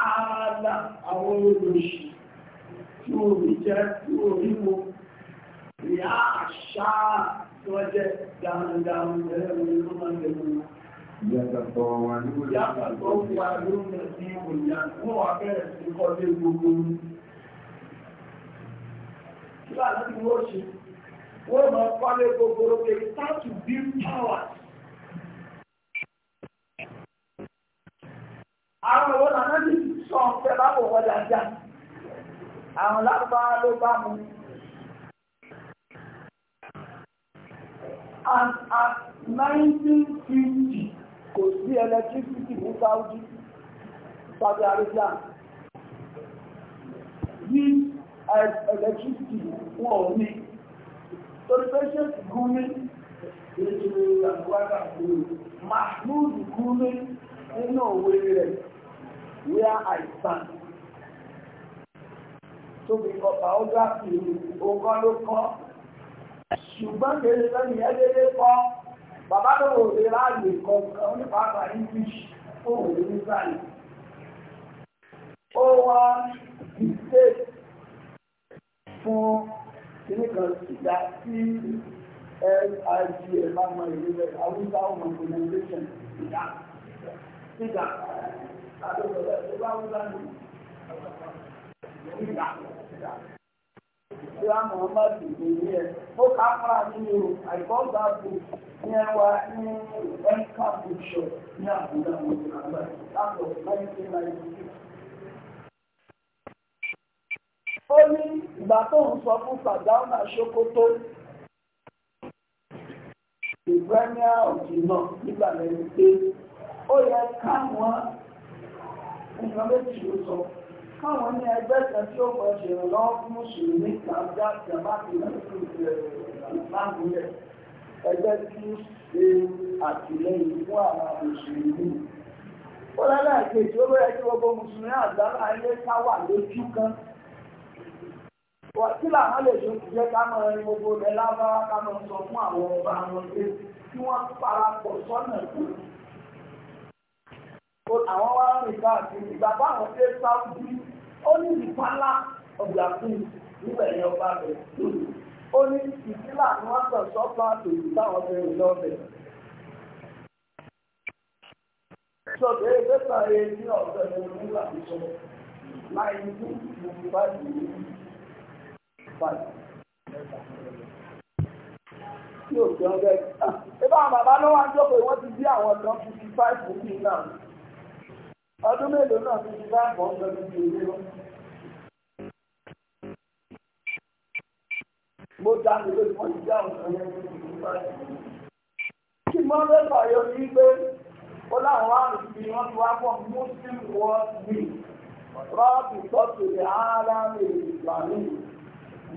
Ààlà àwọn olóṣì tí ó rí jẹ́ tí ó rí wo, ìyá àṣà tí wọ́n jẹ́ dáadáa ẹ̀rẹ́ orí tó máa ń gẹ̀rẹ́ wọn. Ìyàtàtọ̀ wà ní orí àpàtọ̀ wà lórí ẹ̀sìn wọ́n máa kọ́lé gogoro they start to build towers. àwọn ìwọ náà ní sọ ọ̀fẹ́ bá wọ̀ wọ́n dáadáa àwọn lábá ló bá mu. and at nineteen fifty kò sí electricity ní Saudi Saudi Arabia bí uh, electricity wọn ò ní torí pé ṣe gúnmí ètò ìgbàgbọ́gbà gbòòrò mahmood gúnmí nínú òwe rẹ̀ where i stand tóbi kọ biography ogọ́ ló kọ́ ṣùgbọ́n kèrè lẹ́nu ẹgbẹ́lẹ́ kọ́ bàbá tó wò lè ráàyè kọ̀ọ̀kan onípàápà english tó wò lè ní sáyẹn ó wá dìtẹ́ fún kíní kan ìdá tí ligf bá mọ ìlú rẹ̀ haúsá ọmọ pronunciation ìdá ìdá àdókòó rẹ̀ tó bá haúsá ní ìdá ìdá ìlà muhammad ìgbèyí ẹ ó ká fara nínú àìkọ́gbà bò ní ẹwà ní ẹ̀ka bùṣọ̀ ní àbúrò àwọn ìgbàgbà látọ̀ 1996. ó ní ìgbà tó ń sọ fún fàdáùnà ṣókótó ìgbẹ́míà òjì náà nígbà lẹ́yìn pé ó yẹ káwọn nǹkan méjì ló káwọn ní ẹgbẹ́ kan tí ó pọ̀ ṣèrànlọ́wọ́ fún mùsùlùmí kan já jàmáàtì ẹgbẹ́ tí ó ṣe àtìlẹ́yìn fún àwọn mùsùlùmí ó lálẹ́ ó bẹ̀rẹ̀ kí gbogbo mùsùlùmí ilé wà lójú kan wọ́n tí làwọn lè ṣe ti jẹ́ ká mọ ẹni gbogbo rẹ̀ lábára ká mọ sọ fún àwọn ọba àwọn ilé tí wọ́n parapọ̀ sọ́nà tó. àwọn wá ń rìn káàkiri ìgbà báwọn ṣe sáwùjú ó ní ìpánlá ọ̀gbà fún nígbà ẹ̀yẹ ọba rẹ̀ ó ní ìsílà ni wọ́n sọ sọ́pà tòun táwọn ọbẹ̀rẹ̀ lọ́bẹ̀. sọ̀tẹ̀ ẹgbẹ́ sàrẹ́ ní ọ̀sẹ̀ ní onígbà tó sọ láì ní ìlú bá five. Tí ò jẹun bẹ́ẹ̀. Ibá àwọn bàbá ló wá ń jókòó wọ́n ti bí àwọn kan fifty five kùkú náà. Ọdún mélòó náà fifty five kan ń gbẹ́bí ju èyí lọ. Mo dá mi lórí wọ́n ti bí àwọn kan yẹn fifty five. Kí mọ́ lẹ́kọ̀ọ́ yọ sí pé ó láwọn àrùn tí wọ́n ti wá pọ̀ Muslim World Week. Rọ́ọ̀bù tọ́tù ní ààrẹ àmì ìgbà nìyí.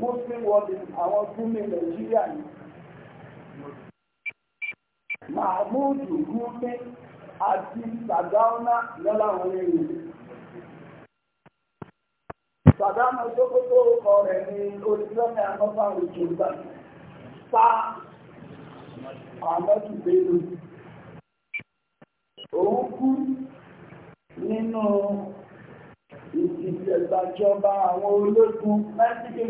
muslim world àwọn gúnmi nàìjíríà ni mahmood gúnmi àti lọ́la lọ́láwọn èèyàn sàdáúnà sókótó ọkọ rẹ̀ ní olùsọ́nà àmọ́fàwọn ìjọba sa àmọ́tù òun kú nínú ìtìtẹ̀gbàjọba àwọn ológun mẹ́sìkì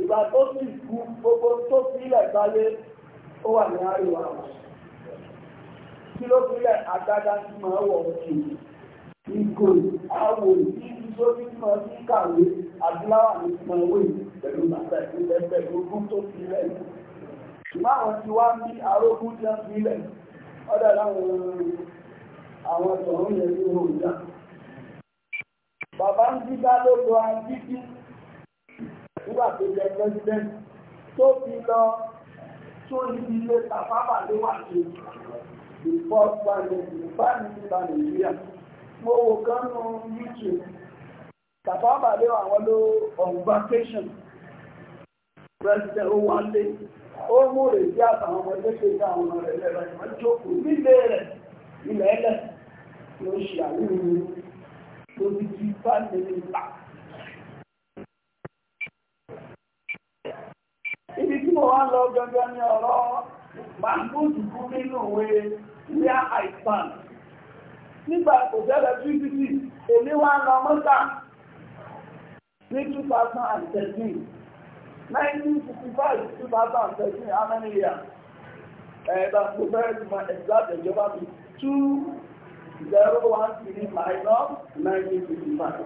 ìgbà tó sì kú gbogbo tó sílẹ̀ gbáyé ó wà ní àríwá kí ló sílẹ̀ agbádá tí máa wọ̀ òkè ìgò àwò ìdí tó ti mọ sí kàwé adúláwà ní ìmọ̀wé pẹ̀lú bàtà ìpínlẹ̀ ogún tó sílẹ̀ ṣùgbọ́n àwọn tí wá ní arógún jẹ́ sílẹ̀ ọ̀dọ̀ láwọn àwọn ìtọ̀hún yẹn tí wọ́n ò bàbá ń dídá ló lọ àdídí nígbà tó jẹ president tó fi lọ tó ibi ilé tàfábà ló wà sí ìfọ́ báyìí nípa nàìjíríà mo wò kán youtube àwọn ló on vacation president ó mú àtàwọn ọmọ ẹgbẹ́ ṣe ká àwọn ọmọ political minister. Ibi tí mo wá lọ gẹ́gẹ́ ní ọ̀rọ̀ Mahmoud kú nínú òwe Ria Aipan. Nígbà kò tẹ́lẹ̀ PDP, èmi wá lọ mọ́ta ní 2013. 1965 2013, how many years? Ẹ̀ẹ́dà kò fẹ́ẹ́ ti máa ẹ̀dá ìjọba mi zero 0135 of 1955.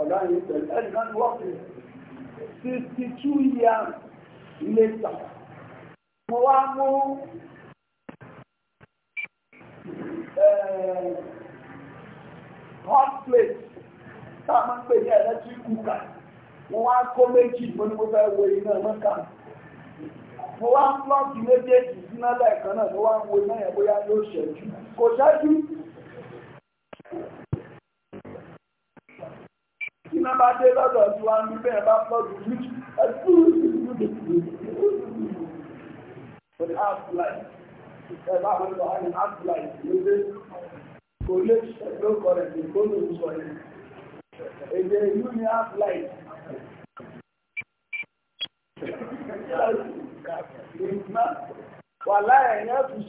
Ọ̀gá yìí pẹ̀lú ẹnìkan wọ́pù 62 years later. Mo wá mú eh, hot plate tá a máa ń pè ní electric cooker. Mo wá kó méjì mo ní mo fẹ́ wo iná mọ́kànlá mo wá ń plọ́ọ̀gì méjèèjì síná lẹ́ẹ̀kan náà mo wá ń wo iná yẹn bóyá yóò ṣẹ́jú kò ṣẹ́jú. iná bá dé lọ́dọ̀ tí wọ́n ń bẹ́ẹ̀ bá plọ́ọ̀gì méjì ẹ̀kú But ask like, ẹ bá wọn lọ àyìn ask like, lédè kò lè ṣẹ̀dọ́ kọ̀rẹ̀tì kó ló ń sọ yìí. Èdè ìlú ni ask like wà láàrin ẹ̀ fi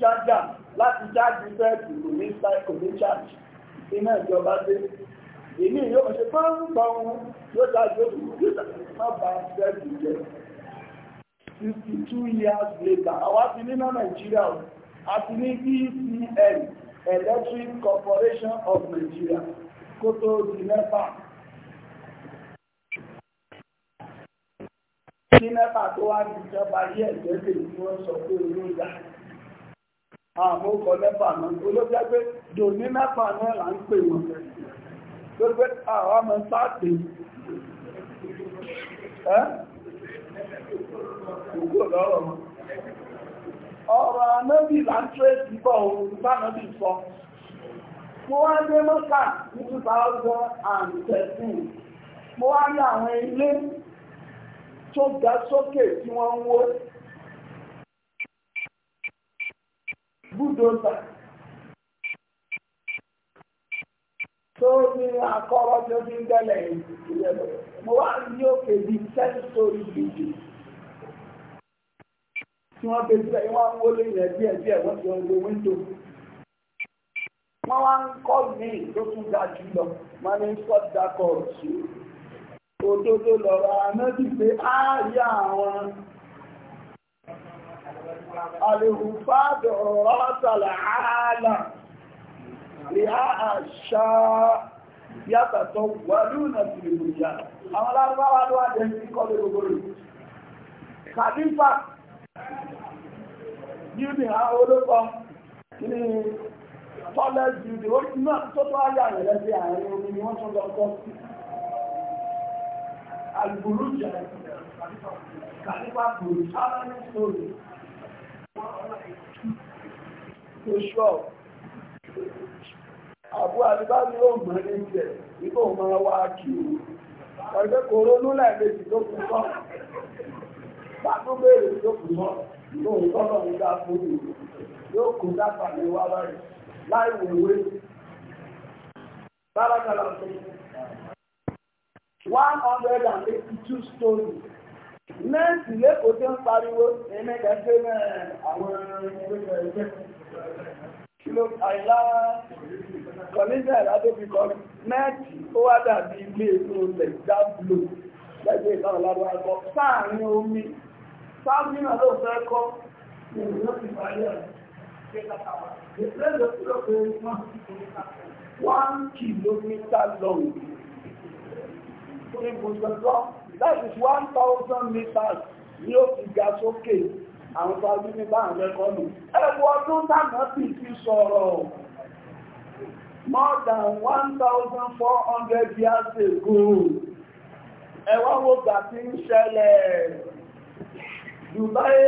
láti ṣáàjì fẹ́ẹ̀tì kò ní ṣáàjì ní ṣáàjì iná ìjọba dé èmi yóò ṣe máa ń gbọ́ ohun yóò ṣáàjì òkú yóò ṣáàjì má ba fẹ́ẹ̀tì jẹ sixty two years later àwa ti ní náà nàìjíríà o a ti ní ECN Electric Corporation of Nigeria kó tó di mẹ́fà ní mẹ́fà tó wá ní ìjọba yí ẹ̀jẹ̀ lè ní wọ́n sọ pé olóògbà àwọn ọkọ̀ mẹ́fà náà olóògbà pé dòní mẹ́fà náà là ń pè wọ́n lórí pé àwọn ọmọ sáàtì ẹ́ ògbò lọ́rọ̀ mọ́ ọ̀rọ̀ anábì là ń tírèsì bọ̀ òun sáàbì sọ mo wá dé mọ́kà ní 2013 mo wá ní àwọn ilé tó ga sókè tí wọ́n ń wó búdóńtà tó ní akọ́rọ́ tí ó fi ń gẹ́lẹ̀ ìlẹ̀ mo wá ní òkè bí sẹ́ńsórí gbèdé tí wọ́n gbé sílẹ̀ wọ́n ń wọlé yẹn díẹ̀ díẹ̀ wọ́n ti wọ́n lo wíńdò wọ́n wá ń kọ́ mí tó tún ga jù lọ wọ́n sọ́dá kọ̀ọ̀sì òdodo lọ̀rọ̀ ànábì pé á yá àwọn àlèhùfádọ̀ ọ́sàlà àálà lè á àṣà yàtàtọ̀ wàlú nà tìrìbùjá àwọn lárúbáwá ló wájẹ́ sí kọlu gbogbo kàlífà yìí ha olóko ní tọ́lẹ̀ jùdí ó náà tó tó ayà rẹ̀ lẹ́sí àárín omi ni wọ́n tún lọ kọ́ sí Al-Buruj Khalifa Buruj sálámì sórí tó ṣọ́ àbú àdúgbà ní ó mọ̀ ní ìjẹ̀ nígbà ó máa wá kí o ọ̀gbẹ́ kò ronú lẹ́ẹ̀mejì tó kù sọ́ bàtú béèrè tó kù mọ́ lóun tọ́lọ̀ ń dá yóò kó dápà ní wá báyìí láì wòwé 182 stories. Nẹ́ẹ̀sì lẹ́kọ̀ọ́ tó ń pariwo ẹ̀mí kẹfẹ́ náà àwọn ẹgbẹ́ ẹgbẹ́. Kìlọ̀ àìlá kọ̀níṣà ìlàdóbi kọ́ mẹ́ẹ̀tì ó wá dàbí ilé inú ilẹ̀ dábùlò lẹ́gbẹ̀ẹ́ ìtàn ìlàdó àgbọ̀ sáàrin One kilometer long. ibùsọ̀tọ́ that is 1,000 meters ní ó ti ga sókè àwọn fàájú ní bá àwọn ẹ̀kọ́ nù ẹ̀wọ̀ ọdún tàbí bí ti sọ̀rọ̀ more than 1,400 years ago ẹ̀wọ́n wo gbà tí ń ṣẹlẹ̀ Dubai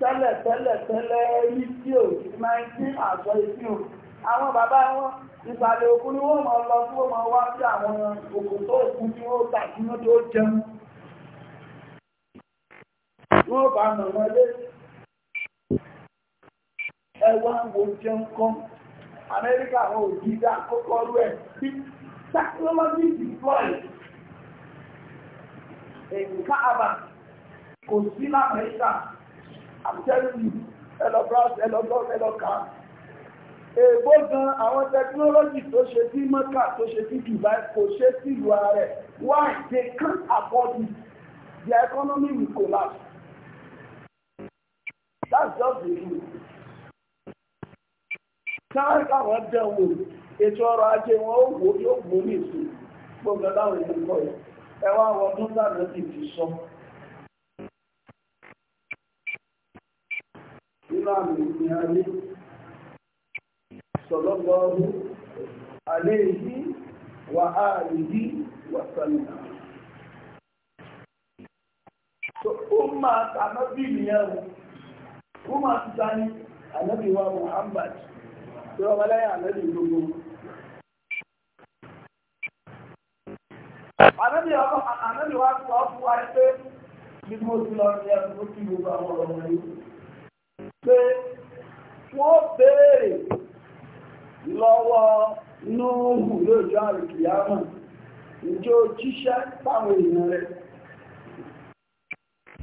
tẹ́lẹ̀ tẹ́lẹ̀ tẹ́lẹ̀ rí tí ò 19 àjọ ìfihàn àwọn bàbá wọn ìsàlẹ̀ òkú ni wọ́n máa lọ tí wọ́n máa wá sí àwọn òkú tó òkú tí wọ́n tà wọ́n tó jẹun wọ́n bá lé ẹwà wo jẹun kan Amẹ́ríkà kọ́kọ́ rú ẹ̀ sí technology deploy àbá kò sí ègbó gan àwọn tẹkinọ́lọ́jì tó ṣe sí mọ́kà tó ṣe sí Dubai kò ṣe sí ìlú ara rẹ̀ why they can't afford it their economy will collapse that's just the truth. sáré káwọn dẹ̀ wò ètò ọrọ̀ ajé wọn ó wò yóò wò ní ìsìn gbogbo láwọn èèyàn kọ yẹn ẹ wá wọ ọdún sáà ti ti sọ. nínú àmì ìpín ayé sallallahu alayhi wa alihi wa sallam. ó máa tàbí nìyẹn o ó máa ti ta ní ànábì wa Muhammad tó ọmọ lẹ́yìn ànábì gbogbo. ànábì wa sọ fún wa pé bí mo ti lọ ní ẹ̀sùn ó gbogbo àwọn ọ̀rọ̀ wọ̀nyí pé wọ́n béèrè lọ́wọ́ nóòhù lóòjọ́ àrùkìyàmọ̀ ìjọ jíṣẹ́ táwọn èèyàn rẹ̀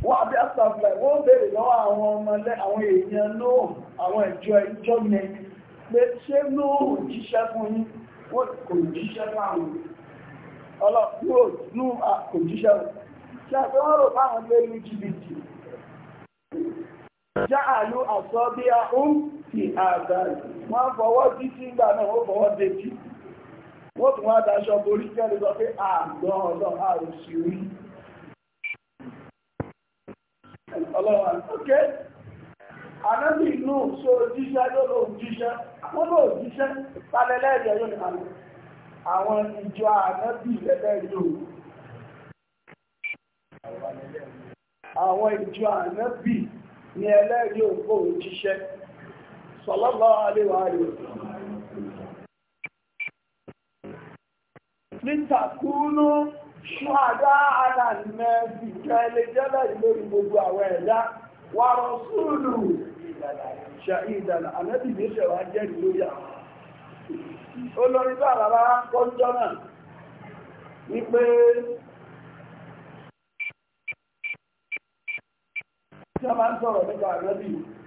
wọ́n àbí àtàfẹ́ wọ́n bèèrè lọ́wọ́ àwọn ọmọlẹ́ àwọn èèyàn nóòhù àwọn ìjọ ìjọ yẹn pé ṣé nóòhù jíṣẹ́ fún yín wọ́n kò jíṣẹ́ fáwọn ọlọ́pàá kò jíṣẹ́ ṣe àfihàn rò fáwọn pé ní jìbìtì wọ́n fọwọ́ títí ìgbà náà wọ́n fọwọ́ dèjì wọ́n tún wá daṣọ borí kẹ́lẹ̀ sọ pé àgbọ̀n ọlọ́run àròsì rí ọlọ́run ok anábì inú so jíṣẹ́ yóò lò jíṣẹ́ wọ́n lò jíṣẹ́ pálẹ́lẹ́ẹ̀dẹ̀ yóò àwọn ìjọ anábì lẹ́lẹ́ẹ̀dẹ̀ yóò àwọn ìjọ anábì ní ẹlẹ́ẹ̀dẹ̀ òkú òjíṣẹ́ sallallahu alaihi wa alihi nítakúnú ṣùhádá alàmẹ́bí kẹ́lẹ̀ jẹ́lẹ̀ lórí gbogbo àwọn ẹ̀dá wà rọ̀súùlù ṣàìdàlà àmẹ́bí ní jẹ́ àwọn olórí bá bàbá kọjọ́ náà máa ń sọ̀rọ̀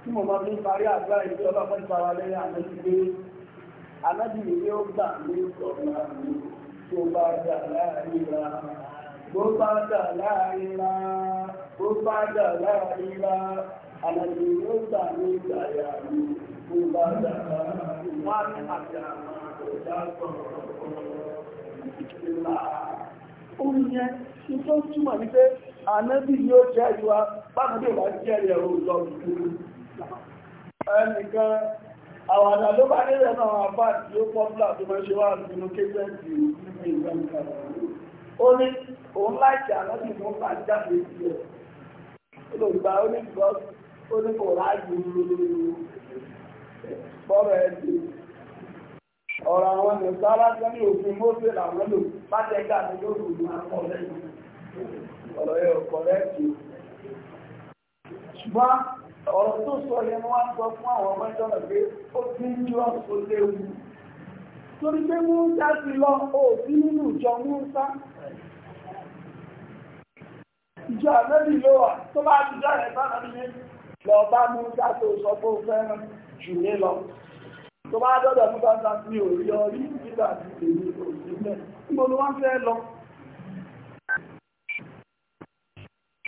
tí mo máa fi ń parí àgbà ìlú ọlọ́pàá ti fara lẹ́yìn àmì pé alábìyẹ yóò gbà ní ọ̀nà tó bá dà láàrin ra bó bá dà láàrin ra bó bá dà láàrin ra alábìyẹ yóò gbà ní ìgbàyà mi bó bá dà láàrin wá ní àjà ọ̀dà sọ̀rọ̀ ìlà oúnjẹ tó túmọ̀ ní pé alábìyẹ yóò jẹ́ ìwà bákan ẹnìkan àwàdà ló bá nílẹ̀ náà wà bá tí ó pọ́pùlà tó mọ́ ṣe wá nínú kéjẹ́ǹtì níbi ìgbàmìkà ó ní òun láìkì àlọ́dì mú bá jáde sí ẹ̀ olùgbà ó ní gbọ́ ó ní kò ráàyè bọ́rọ̀ ẹ̀ dé ọ̀rọ̀ àwọn ènìyàn sára tó ní òfin mọ́sẹ̀ làwọn lò bá tẹ́gà ní lóòrùn ní akọ̀rẹ́ ọ̀rọ̀ ẹ̀ ọ̀kọ̀rẹ́ ṣùgbọ́n ọ̀rọ̀ tó sọ yẹn wá ń sọ fún àwọn ọmọ ìjọba pé ó ti ń ju ọ̀pọ̀ léwu torí pé múnsá ti lọ òsí nínú ìjọ múnsá ìjọ àlẹ́bí ló wà tó bá ti jọ ẹ̀ bá nàbí lọ bá múnsá tó sọ pé ó fẹ́ràn jù mí lọ tó bá dọ́dọ̀ múnsá mi ò rí ọ rí nígbà tí èmi ò mẹ́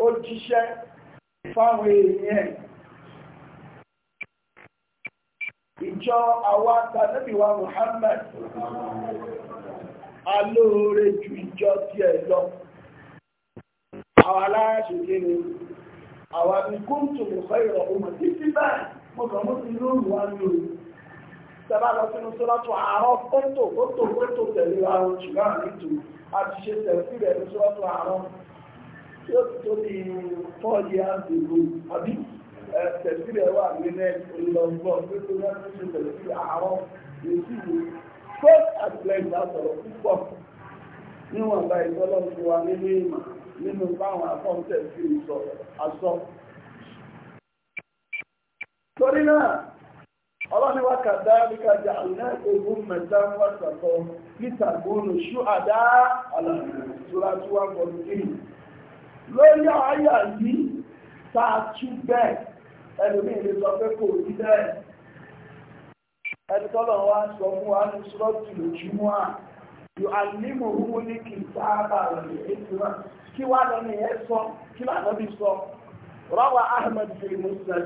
ó jíṣẹ́ fáwọn èèyàn ìjọ àwọn tàbíwá Muhammad alóore ju ìjọ tí ẹ lọ àwọn aláṣẹ gẹ́gẹ́ àwọn àbíkúntù mọ̀kọ́ ìrọ̀ ọmọ títí báyìí mọ̀kọ̀ mọ́ sí lóòrùn wá ní orí tẹ́bá lọ sínú sọ́lọ́tù àárọ̀ fótò fótò fótò tẹ̀lé àwọn jùlọ àrítù àti ṣe tẹ̀sí rẹ̀ ní sọ́lọ́tù àárọ̀ tí ó ti tó ní fọ́ọ̀lì àdìgbò àbí tẹ̀sílẹ̀ wà nílẹ̀ ìlọ́gbọ̀n tó tó wá tó ṣe tẹ̀sílẹ̀ àárọ̀ lèsì ìlú first and blessed àtọ̀rọ̀ púpọ̀ níwọ̀n bá ìtọ́lọ́ ti wà nínú ìmọ̀ nínú báwọn akọ́ńtẹ̀ sí ìsọ asọ. torí náà ọlọ́niwá kàdá níkàjà àná ogun mẹ́ta wà sàtọ̀ peter gbónú ṣú àdá àlàyé ìṣúra tí wọ́n gbọ́dọ̀ lórí àyà yìí taa bẹ́ẹ̀ ẹlòmíì lè sọ pé kò rí bẹ́ẹ̀ ẹni wa sọ fún wa ní sọ́ọ̀tì lójúmọ́ à yóò àlímù ní sọ kí sọ rọwà ahmed fèrè muslim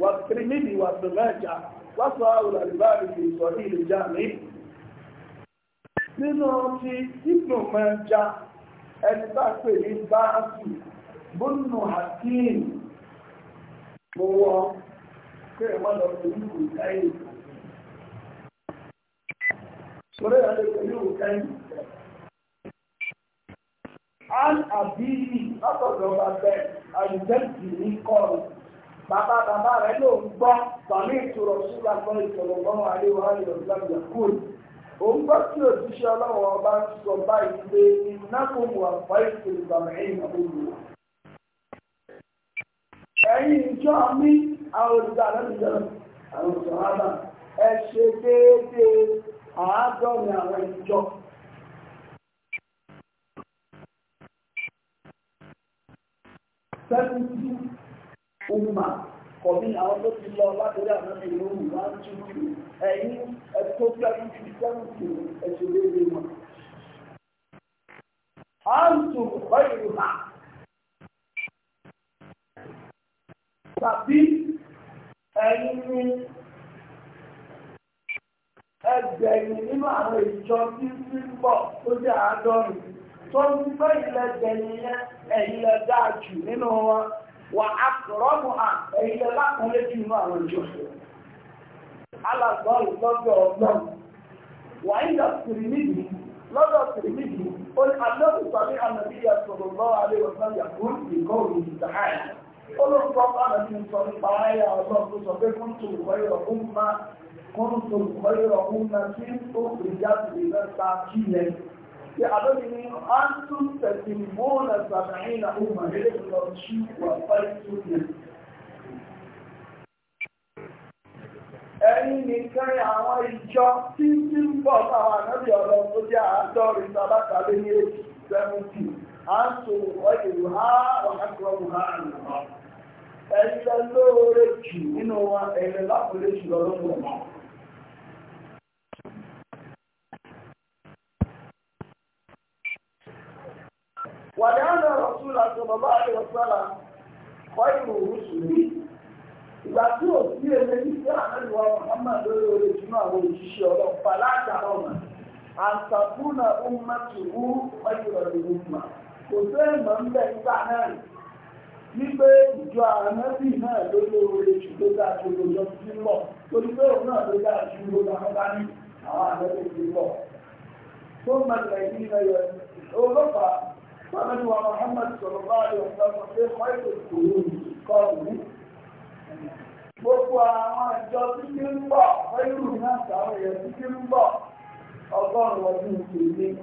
wà pírímìlì wà bẹ̀rẹ̀jà wà sọ àwọn àlùbáàbí fèrè sọ ní ìlú jáàmì nínú ti ẹni ndị ní báàsù bónú hakeem mo wọ pé ẹ lọ sí ìlú káyìn torí ẹ lè pè An àbíyí látọ̀dọ̀ bàbẹ̀ àjùjẹ́jì ní kọ́ọ̀lù. Bàbá bàbá rẹ̀ ló ń gbọ́, bàmí ìtura ìṣòro òun gbọ́ tí òṣìṣẹ́ ọlọ́run ọba ń sọ báyìí pé ìnákòmù àpá ìṣèlú bàmẹ́yìn olùwà. ẹ̀yin ìjọ mi àwọn olùdá alábìjọ àwọn ìṣọ̀rọ̀ ẹ kọ̀bí àwọn tó ti lọ látọ̀dá àwọn ìlú wá ń tún kìlò ẹ̀yìn ẹ̀tọ́ tí a ti fi sẹ́wọ̀n kìlò léde a ń tún kọ́ ìlú mà. tàbí ẹ̀yìn ẹgbẹ̀yìn nínú àwọn ìjọ tí ń bọ̀ tó jẹ́ àádọ́rin tó ń gbé yẹn ẹ̀yìn wà á sọ̀rọ̀ mọ́ à ẹ̀yìn tẹ́ bá kan lé jùlọ àwọn ìjọ alàgbọ́n lọ́dọ̀ ọgbọ́n wà ń yà sùrì níbi lọ́dọ̀ sùrì níbi ó ní àlọ́dún sàbí ànàbí yà sọ̀rọ̀ lọ́wọ́ alẹ́ ọ̀sán yà kún ìkọ́ òun ìjà ó ló sọ ànàbí sọ nípa ayà ọlọ́run tó sọ pé kún tó tó lùkọ́ yọ̀ ó pé àdóbi ní antum tẹ̀sí mọ́ọ̀nà sàbẹ̀rin na ọmọ ilé ìlọ sí wà fáìtì ní. ẹ̀yin nìkan àwọn ìjọ tí tí ń bọ̀ táwọn ànábì ọ̀rọ̀ tó jẹ́ àádọ́rin sábàkàlẹ̀ ní èjì sẹ́mùtì à ń so ọ̀yẹ̀wò ha wàhákùrọ̀mù ha àlùmọ́ ẹ̀yin lọ lóore jù nínú wa ẹ̀rẹ̀ lápòlẹ̀ jù lọ́lọ́mọ̀ ولأن رسول الله صلى الله عليه وسلم خير رسله ìgbà tí ò sí ẹgbẹ́ nígbà àlùwà Muhammad lórí orí ìjùmọ̀ àwọn òṣìṣẹ́ ọlọ́pàá látàrọ̀mà àtàkùnà ọmọtìwú ọjọ́rọ̀lẹ́wò mà kò sí ẹ̀mọ́ ń bẹ̀ nígbà náà wípé ìjọ ànábì náà lórí orí ìjù tó dáa ju lọ́jọ́ sí lọ torí pé òun náà ló dáa ju lọ́jọ́ bá ní àwọn àlọ́lẹ̀ sí lọ. tó mọ̀ lẹ́yìn náà yọ ọlọ́pàá فمن هو محمد صلى الله عليه وسلم ṣe fọ́ìtò kòrò ìkọlù ní. Gbogbo àwọn àjọ títí ń bọ̀ pẹ̀lú náà sàwọn èèyàn títí ń bọ̀ ọgọ́rùn-ún ọdún tèmi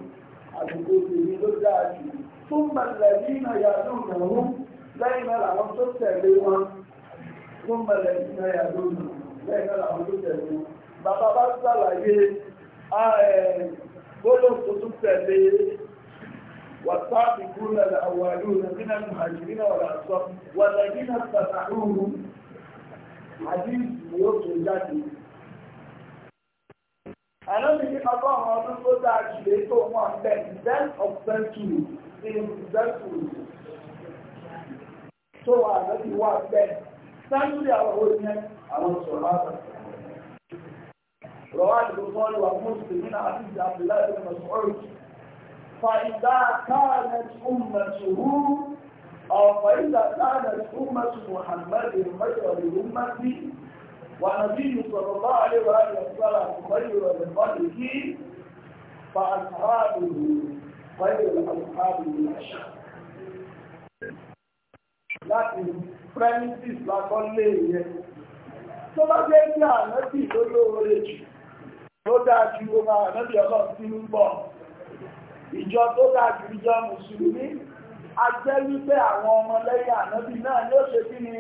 àdúgbò tèmi ló dáa jù. Tún mẹ̀lẹ̀ ní ìnáyàdó ìnáwó lẹ́yìn náà làwọn tó tẹ̀lé wọn. Tún mẹ̀lẹ̀ ní ìnáyàdó ìnáwó lẹ́yìn náà làwọn tó tẹ̀lé wọn. Bàbá bá sàlàyé gbólóhùn tó tún tẹ̀lé والسابقون الأولون من المهاجرين والأنصار والذين اتبعوهم حديث يوسف جاتي Àlọ́bí ní bàbá àwọn ọdún tó dáa jù lé tó wọ́n bẹ̀ ten of century in century tó wà lọ́bí wà bẹ̀ century àwọn òyìn àwọn sọ̀rọ̀ àbàtà. Rọ̀wá ìlú Bọ́ọ̀lù wa Mùsùlùmí náà àti ìjà Abdullahi bin Mas'ud فإذا كانت أمته أو فإذا كانت أمة محمد خير لأمتي ونبي صلى الله عليه وآله وسلم خير لخلقه فأصحابه خير أصحابه الأشهر láti premises lákọ́lé yẹn tó bá jẹ́ kí ànábì lólóore jù ló dáa ju ọmọ ànábì ọlọ́run tí bọ̀ ìjọ tó dájú ìjọ mùsùlùmí a jẹ́ wípé àwọn ọmọlẹ́yìn ànábì náà yóò ṣe kí ni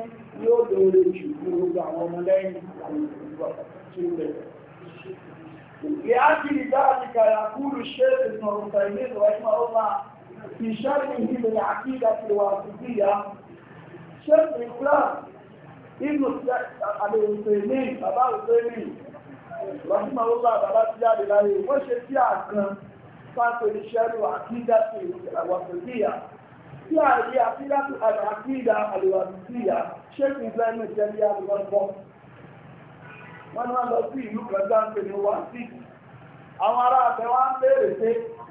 yóò lóore jù gbogbo àwọn ọmọlẹ́yìn لأجل ذلك يقول الشيخ ابن عثيمين رحمه الله في شرحه للعقيدة الواسطية شيخ الإسلام ابن عثيمين bàbá عثيمين رحمه الله bàbá ti jáde láyé wọ́n ṣe sí àkàn sáńpẹ̀ ní sẹ́rù àkídá sí àwàfẹ́síyà tí a rí àkídá sí àkídá àlùwàfẹ́síyà ṣéèkì ìsẹ́nu ìṣẹ́lẹ̀ àlùwàfọ́ wọ́n máa lọ sí ìlú kan sáńpẹ̀ ní wàásì àwọn ará àfẹ́ wa ń béèrè pé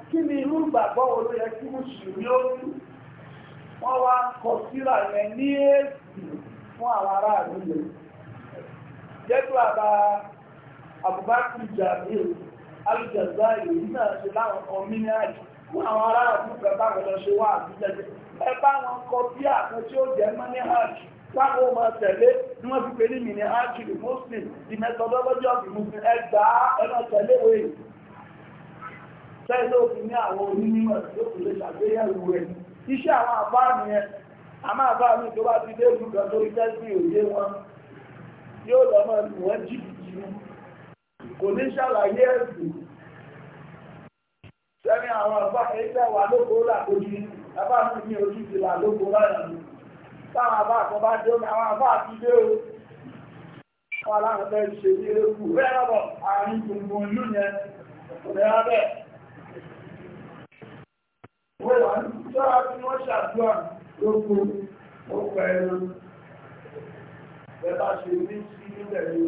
kí ni irú ìgbàgbọ́ wo ló yẹ kí mùsùlùmí ó kú wọ́n wá kọ síra yẹn ní èsì fún àwọn ará àdúgbò jẹ́tù àbá àbúbákì ìjà mìíràn alùjẹ̀dá ìlú náà ṣe láwọn kan mínírààjì fún àwọn ará àdúgbò táwọn lọ ṣe wá àdújẹjẹ ẹ wọn kọ bí àkan tí ó jẹ mínírààjì táwọn ọmọ tẹ̀lé ni wọ́n fi pè ní mínírààjì the muslim the methodology of the muslim ẹ gbà á ẹ máa tẹ̀lé wèé tẹ́lẹ̀ òfin ní àwọn onímọ̀ tó kù lè ṣàgbéyẹ̀wò rẹ̀ iṣẹ́ àwọn àbáàmì ẹ̀ àmọ́ àbáàmì tó bá ti dé ìlú kan tó rí tẹ́sí òye wọn yóò lọ́mọ ìwọ̀n jìbìjì kò ní ṣàlàyé ẹ̀sìn sẹ́ni àwọn àgbà ẹgbẹ́ wà lóko làkójú ẹbá mi ní ojú ti là lóko láyà mi táwọn àbá kan bá dé omi àwọn àbá ti dé o wọn aláwọ̀ fẹ́ ṣe ní ewu bẹ́ẹ̀ lọ́bọ̀ àárín gbùngbùn ìlú yẹn ọ̀rẹ́ abẹ́ wọ́n wà ní sọ́ra tí wọ́n ṣàdúrà lóko ó pẹ̀lú bẹ́ẹ̀ bá ṣe ní sí nílẹ̀ yìí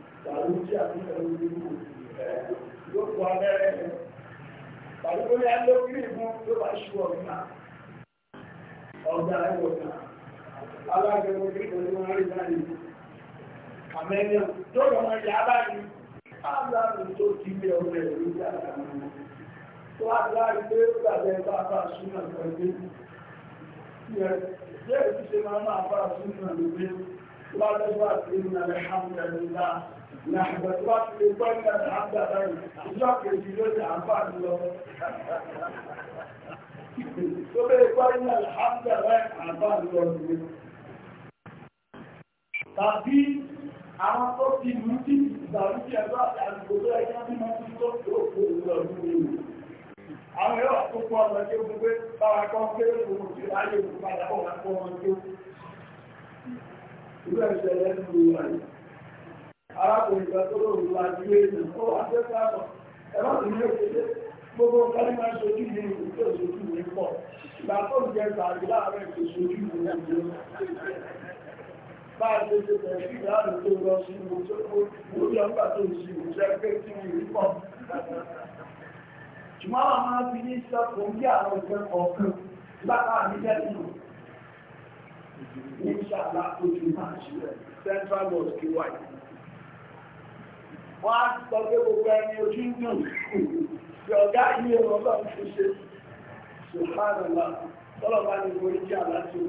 tàbí tí a ti ẹ̀rọ ìlú yóò kó abẹ́rẹ́ ẹ̀ tàbí tó ní alókìrì ìbú tó bá ṣú ọ̀gbà ọ̀gbà ẹ̀wọ̀gbà alágbẹ̀rẹ̀ orí ìbò ní wọ́n rí láàyè àmẹ́yàn tó lọ wọn yà bá ní áàlù tó ti gbé ọgbẹ̀ ìlú tí tó wá yẹ́ ìfúnṣe máa máa bá súnà lóbi wọ́n lọ́wọ́ àti ìrìnàlẹ̀ hàmdàlélá Nàìjíríà tó bá ti lè gbọ́ ní àdá àgbàdá rẹ̀, ìjọ kejì ló ti àbá lọ. Tó bẹ́ẹ̀ gbọ́ ní àdá àgbàdá àbá lọ ni. Tàbí àwọn tó ti mú sí ìgbàlúkẹ́ ẹ̀rọ àti àgbò tó ẹ̀yẹ́ bí wọ́n ti ìṣẹ̀lẹ̀ ń lo àyè arákùnrin gbogbo kárí máa ń ní ìlú tó sojú ní pọ̀ ìgbà tó ń jẹ sàbí láàárẹ̀ tó sojú ní ìlú bá a ṣe ṣe tẹ̀lé ìdáàbò tó lọ sí ìlú tó kó ìlú yọ nígbà tó ń ṣe ìṣẹ́ pé tí mo rí pọ̀ ṣùgbọ́n máa fi ní sọ bí àwọn ìṣẹ́ kọ̀ọ̀kan lápá àbíjẹ́ ìlú ní ìṣàlá máa ṣe central mosque wáyé wọ́n á sọ pé gbogbo ẹni ojú ń dùn sí ọ̀gá yìí ẹ̀rọ ọlọ́run ti ṣe ṣùgbọ́nàlá tọ́lọ̀bá ní orí jẹ́ àlájú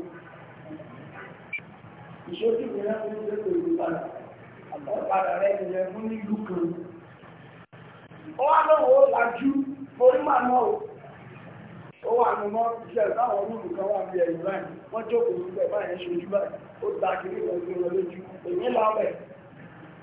ìṣojú ìrìnà ní ilé pẹ̀lú padà àpọ̀padà rẹ̀ ìrẹ̀ mú nílùú kan ó wá lọ́wọ́ lájú orí mà náà ó wà nù mọ́ iṣẹ́ ìtàwọn olùkan wà bí ẹ̀yìn láì wọ́n jókòó sí bẹ́ẹ̀ báyẹn ṣojú báyìí ó ta kiri lọ lójú èmi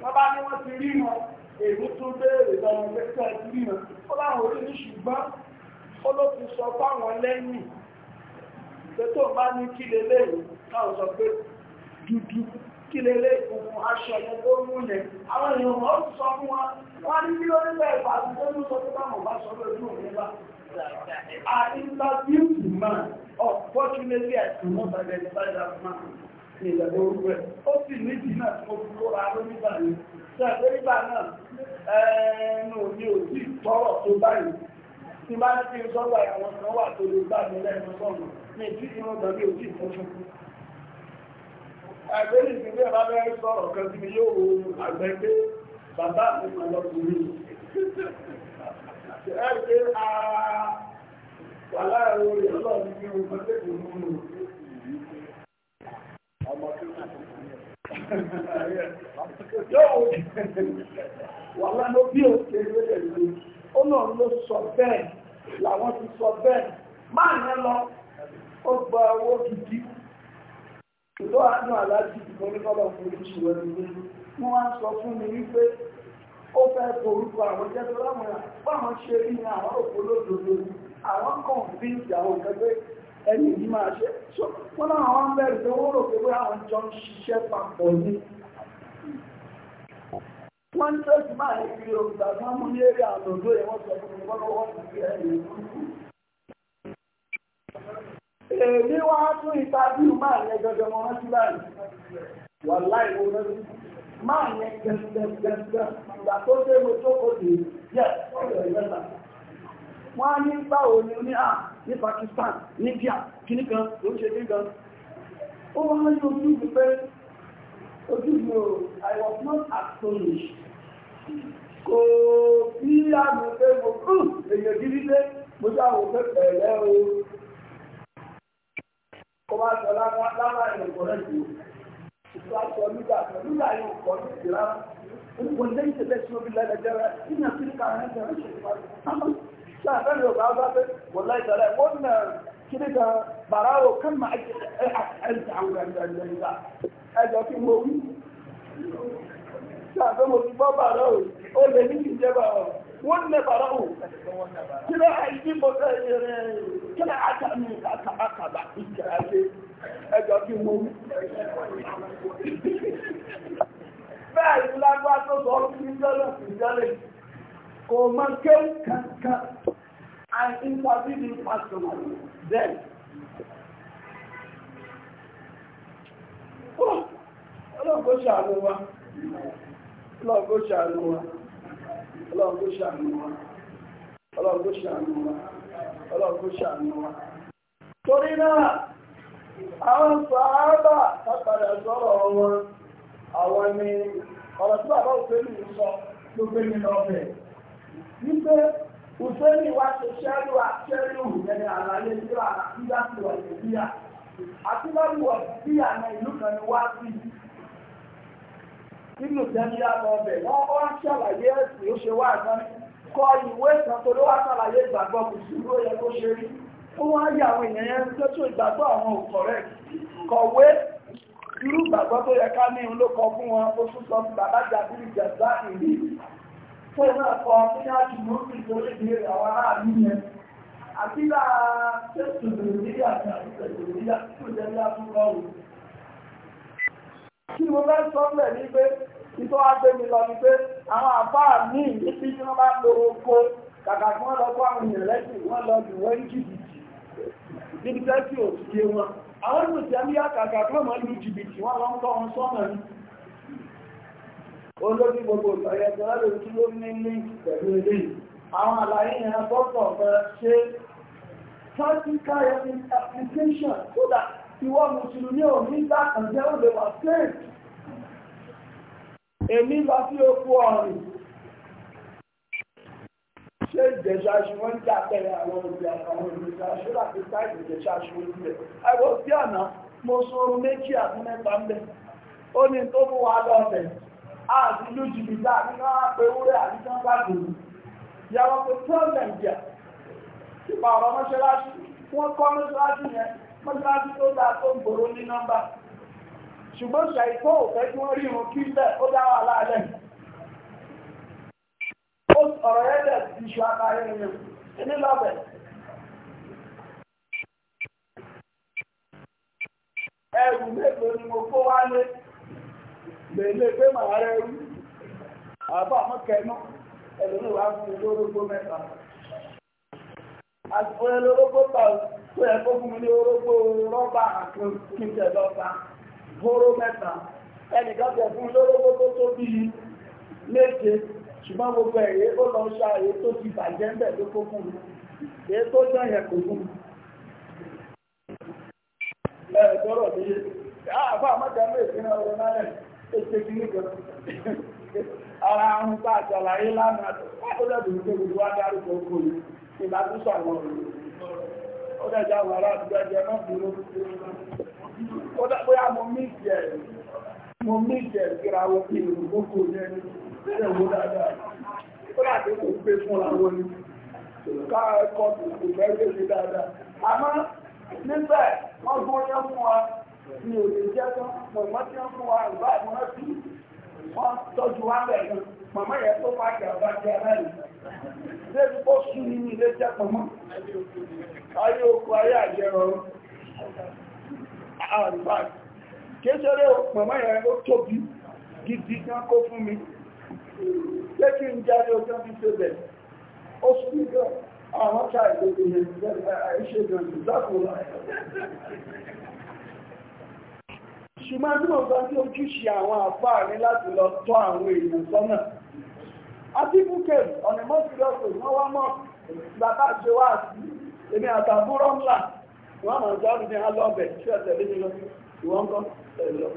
wọ́n bá ní wọ́n ti rí wọn èmi tún béèrè lọ́wọ́ pé ti rí wọn ó láwọn orí ní ṣùgbọ́n ó ló ti sọ fáwọn lẹ́yìn pé tó bá ní kí leléyìí káwọn sọ pé dúdú kí lélé ìkùnkùn aṣọ yẹn tó mú yẹn àwọn èèyàn wọn ó sọ fún wa wọn ní bí orílẹ̀ èdè àti tó ń sọ fún báwọn bá sọ lójú òun bá I interviewed the man, unfortunately I could not identify that man ní ìlànà orúkọ ẹ̀. Ó sì méjì náà tí mo fi lóra lóríbà ni. Ṣé lóríbà náà ẹnu mi ò sí tọrọ tó báyìí. Tí bá ní kí n sọ́gbà àwọn kan wà tó lè gbà mí lẹ́nu sọ̀rọ̀ ní ìdí ìran gbàgbé ò sí ìtọ́jú. Àgbẹ̀ ní ìpínlẹ̀ bá bẹ́ẹ̀ sọ̀rọ̀ kan sí mi yóò wo àgbẹ̀ pé bàbá mi máa lọ sí ọmọ tó náà yóò wà lánà bí o ṣe lélẹ̀ ló ó náà ló sọ bẹ́ẹ̀ làwọn ti sọ bẹ́ẹ̀ máa ń lọ ó gba owó gidi tó àánú aláàjì ìbọn ní kọ́lọ̀ fún ìṣòro ẹni wọ́n wá sọ fún mi wípé ó fẹ́ forúkọ àwọn jẹ́ tó láwọn àwọn ṣe rí ní àwọn òpólódodo àwọn kan bí ìjà òkẹ́gbẹ́ ẹni yìí máa ṣe wọ́n náà wọ́n bẹ̀rẹ̀ tó wọ́n rò pé wọ́n àwọn jọ ń ṣiṣẹ́ papọ̀ ní wọ́n ń tẹ́sí máa ń fi òǹgbà kan mú ní eré àlòdó yẹn wọ́n sọ fún mi wọ́n lọ́wọ́ sí ẹ̀yìn ìlú. èmi wá fún ìtajú máa yẹ gẹ́gẹ́ mọ́ rántí báyìí wà láì wo rántí máa yẹ gẹ́gẹ́gẹ́gẹ́ ìgbà tó dé mo tó kò dé yẹ wọ́n á ní báwo ni ó ní à ah, ní Pakistan ní India kìíní kan ló ń ṣe kí ó wá ní ojú mi ojú mi I was not astonished kò bí àmì pé mo kú èyàn gidi dé mo já àwọn òfin pẹ̀lẹ́ o kó bá sọ lára ìrìnkọ̀ rẹ̀ jù ìfọ̀ àṣọ nígbà kan nígbà yóò kọ́ ní ìlànà. والليس الاسم بالله جرى إن تلك على هذا عشر sa ɗan yau ba za ta wallahi tare wannan kiri da barawo kan ma ake aiki a wurin da ya yi ba a jafi mobi sa ɗan mobi ba barawo o da ni ki jaba wannan barawo kira a yi mo kira a ta min ka ka aka ba ike ake a jafi mobi bẹ́ẹ̀ ni lágbá tó sọ ọ́ fi jẹ́lẹ̀ fi jẹ́lẹ̀ kò máa kéwù kankan. and interview him personally. Then, oh, Lord, go shall over. Lord, go shall over. Lord, go shall over. Lord, go shall over. Lord, go àwọn sàábà wọn, àwọn ọ̀rọ̀ tí bàbá ló gbé Hùsẹ́nì wa ṣe ṣẹ́rù àṣẹ́rù ìyẹn àlàyé tí ó àkíyá sí wà ìbíyà. Àtúbọ̀lù wọ̀ sí àná ìlú kan ni wá sí. Nínú ìtẹ́ni àlọ́ ọbẹ̀, wọ́n wá ṣàlàyé ẹ̀sìn ó ṣe wá àgbọn. Kọ ìwé ìtàn tó ló wá ṣàlàyé ìgbàgbọ́ kò sí ló yẹ kó ṣe rí. Ó wá yí àwọn èèyàn yẹn tó tó ìgbàgbọ́ àwọn òkọ̀ rẹ̀. Kọ̀wé irú ìgbàgbọ́ tó yẹ ká ní òun ló kọ fún wọn, ó tún sọ fún bàbá Jàbírì Jàbá ìlú tó náà kọ síláàtì mọ́sí tó lè gbé àwọn aráàlú yẹn àti bá tẹ́sù nàìjíríà àti nàìjíríà tó jẹ́ ní àtúntò ọ̀hún. kí mo fẹ́ sọ mẹ́ ní pé ìtọ́ agbẹ́mi lọ ni pé àwọn àfáà ní ìdíbí tí wọ́n bá lo oko kàkà kí wọ́n lọ kó àwọn èèyàn lẹ́sìn wọ́n lọ jù wọ́n jìbìtì níbi tẹ́sì òṣìṣẹ́ wọn àwọn ìmùsùlùmí àkàkà kí wọ́n mọ̀ lu jìbìtì wọ́n lọ olóbi gbogbo ìtọ̀yẹ̀tọ̀ lórí tí ó ní ní pẹ̀lú ilé àwọn àlàyé ìran tọ́tọ̀ ọ̀fẹ́ ṣe practical application so that ìwọ mùsùlùmí ò ní gbà kan jẹ́ òde wà safe èmi lọ sí oko ọ̀rìn ṣé ìjẹ̀ṣà ṣùgbọ́n ń jà tẹ̀lé àwọn òbí àtàwọn ìjẹ̀ṣà ṣúlà ti ká ìjẹ̀ṣà ṣùgbọ́n ń bẹ̀ ẹ̀wọ̀n sí àná mo sọ orun méjì àti mẹ́ta ń bẹ̀ ó ní tó mú wa lọ́ọ̀bẹ̀ àti lójú ìgbà nínú àpẹ ewúrẹ́ àti tán bá gbòòrò yàwọn pé problem jẹ ìpa ọ̀rọ̀ mọ́ṣáláṣí wọ́n kọ́ mọ́ṣáláṣí yẹn mọ́ṣáláṣí tó dáa tó ń gbòòrò ní nọ́mbà ṣùgbọ́n ṣàìkó òfẹ́ tí wọ́n rí irun kí bẹ́ẹ̀ ó dá wà láàlẹ́ ọ̀rọ̀ yẹn bẹ̀ iṣu akayé yẹn ẹni lọ́bẹ̀ ẹrù mélòó ni mo kó wálé lèlé pé màá rẹ̀ rí àbá mọ́kẹ́nú ẹlòmíì wá fún mi lórógbó mẹ́ta àsìkò yẹn lórógbó tà tó yẹ kó fún mi ní orógbó rọ́bà àkàn kíkẹ́ lọ́ta bóró mẹ́ta ẹnìkan tẹ̀ fún mi lórógbó tó tó bíi méje ṣùgbọ́n gbogbo ẹ̀yẹ ó lọ ṣá èyí tó ti bàjẹ́ ńbẹ̀ ló kó fún mi èyí tó dán yẹn kò fún mi. ẹ̀ẹ́dọ́rọ̀ mi yé àbá mọ́tẹ́mú ìpínlẹ̀ ọ̀rọ̀ náà ẹsẹ̀ kìíní kan ara ahun bá àjàlàyé lánàá ó dẹ̀bù ní gbogbo wá dárúkọ oko yìí ìgbà tó sọ àwọn ọ̀rọ̀ ó dẹ̀jọ àwọn ará àdúgbò ẹjẹ náà dúró ó dẹ̀bù ya mo mí ìjẹ̀ mo mí ìjẹ̀ kíra wo kí ìlú oko yẹn mi ò lè jẹ́ tán mọ̀mọ́ tí wọ́n fún wa ìbá ìmọ̀ sí wọ́n tọ́jú wa bẹ̀ gan mọ̀mọ́ yẹn tó bá jẹ́ ọba jẹ́ ẹ̀rẹ́ yìí débi ó sún ní ní ilé jẹ́ pọ̀mọ́ ayé oko ayé àjẹ́ rọrùn àrùbá kéṣeré mọ̀mọ́ yẹn ó tóbi gidi gan kó fún mi jẹ́ kí n jáde ọjọ́ fi ṣe bẹ̀ ó sún gan àwọn ṣáà ìlú ìṣègùn ìṣàkóso ṣùgbọ́n tí mo sọ sí ojúṣe àwọn àfáà ní láti lọ tọ́ àwọn èèyàn sọ́nà àti bukẹ̀ ọ̀nà mọ́sílọ́sọ̀ wọ́n wá mọ́ bàbá ṣe wá sí èmi àtàbúrọ̀ ńlá wọ́n mọ̀ sọ ní alọ́bẹ̀ tí ọ̀tẹ̀ lé mi lọ ìwọ́n kọ́ ẹ̀lọ́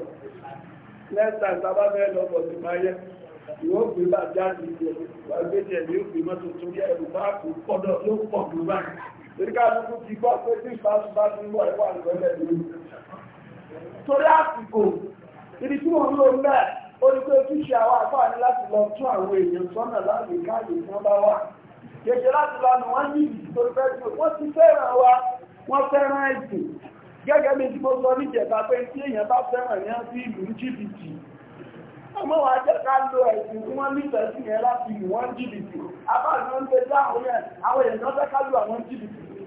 lẹ́sà ìtàbá bẹ́ẹ̀ lọ bọ̀ sí máa yẹ ìwọ́n gbé bá jáde ìjẹ́ wà gbé ní ẹ̀mí ó gbé mọ́tò tó yẹ ẹ̀rù bá kò pọ́dọ̀ ló pọ̀ jù báyìí torí àsìkò ibi tí wọ́n lò mẹ́ oníkó kíṣe àwọn àfáàní láti lọ tún àwọn èèyàn sọ́nà láti káàdì tí wọ́n bá wà kèṣe láti lọ́nà wọ́n ní ìtorí fẹ́ tí wọ́n ti fẹ́ràn wa wọ́n fẹ́ràn ẹ̀sìn gẹ́gẹ́ bí mo sọ ní ìjẹta pé tí èèyàn bá fẹ́ràn ní ọ́n sí ìlú jìbìtì ọmọ wa jẹ́ ká lo ẹ̀sìn tí wọ́n nífẹ̀ẹ́ sí yẹn láti ìlú wọn jìbìtì abáàlú ń gbé dáhùn yẹn àwọn èèyàn fẹ́ ká lo àwọn jìbìtì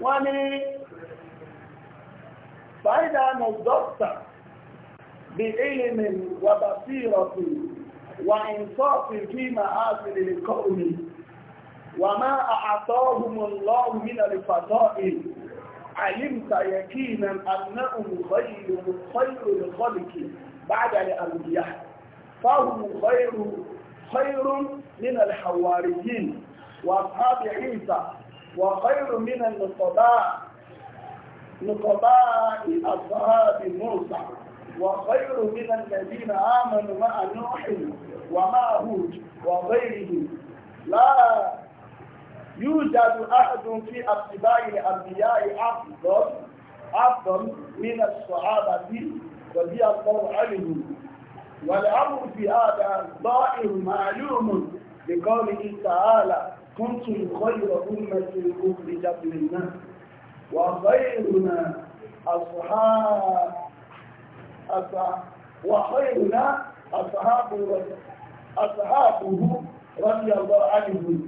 وامن فإذا نضبط بعلم وبصيرة وإنصاف في مآسل الكون وما أعطاهم الله من الفضائل علمت يقينا أنهم خير خير الخلق بعد الأنبياء فهم خير خير من الحواريين وأصحاب عيسى وخير من النقباء نقباء أصحاب موسى وخير من الذين آمنوا مع نوح ومع هود وغيره لا يوجد أحد في اتباع الأنبياء أفضل أفضل من الصحابة رضي الله عنهم والأمر في هذا ضائع معلوم بقوله تعالى كنتم خير أمة أخرجت للناس وخيرنا أصحاب وخيرنا أصحاب أصحابه رضي الله عنه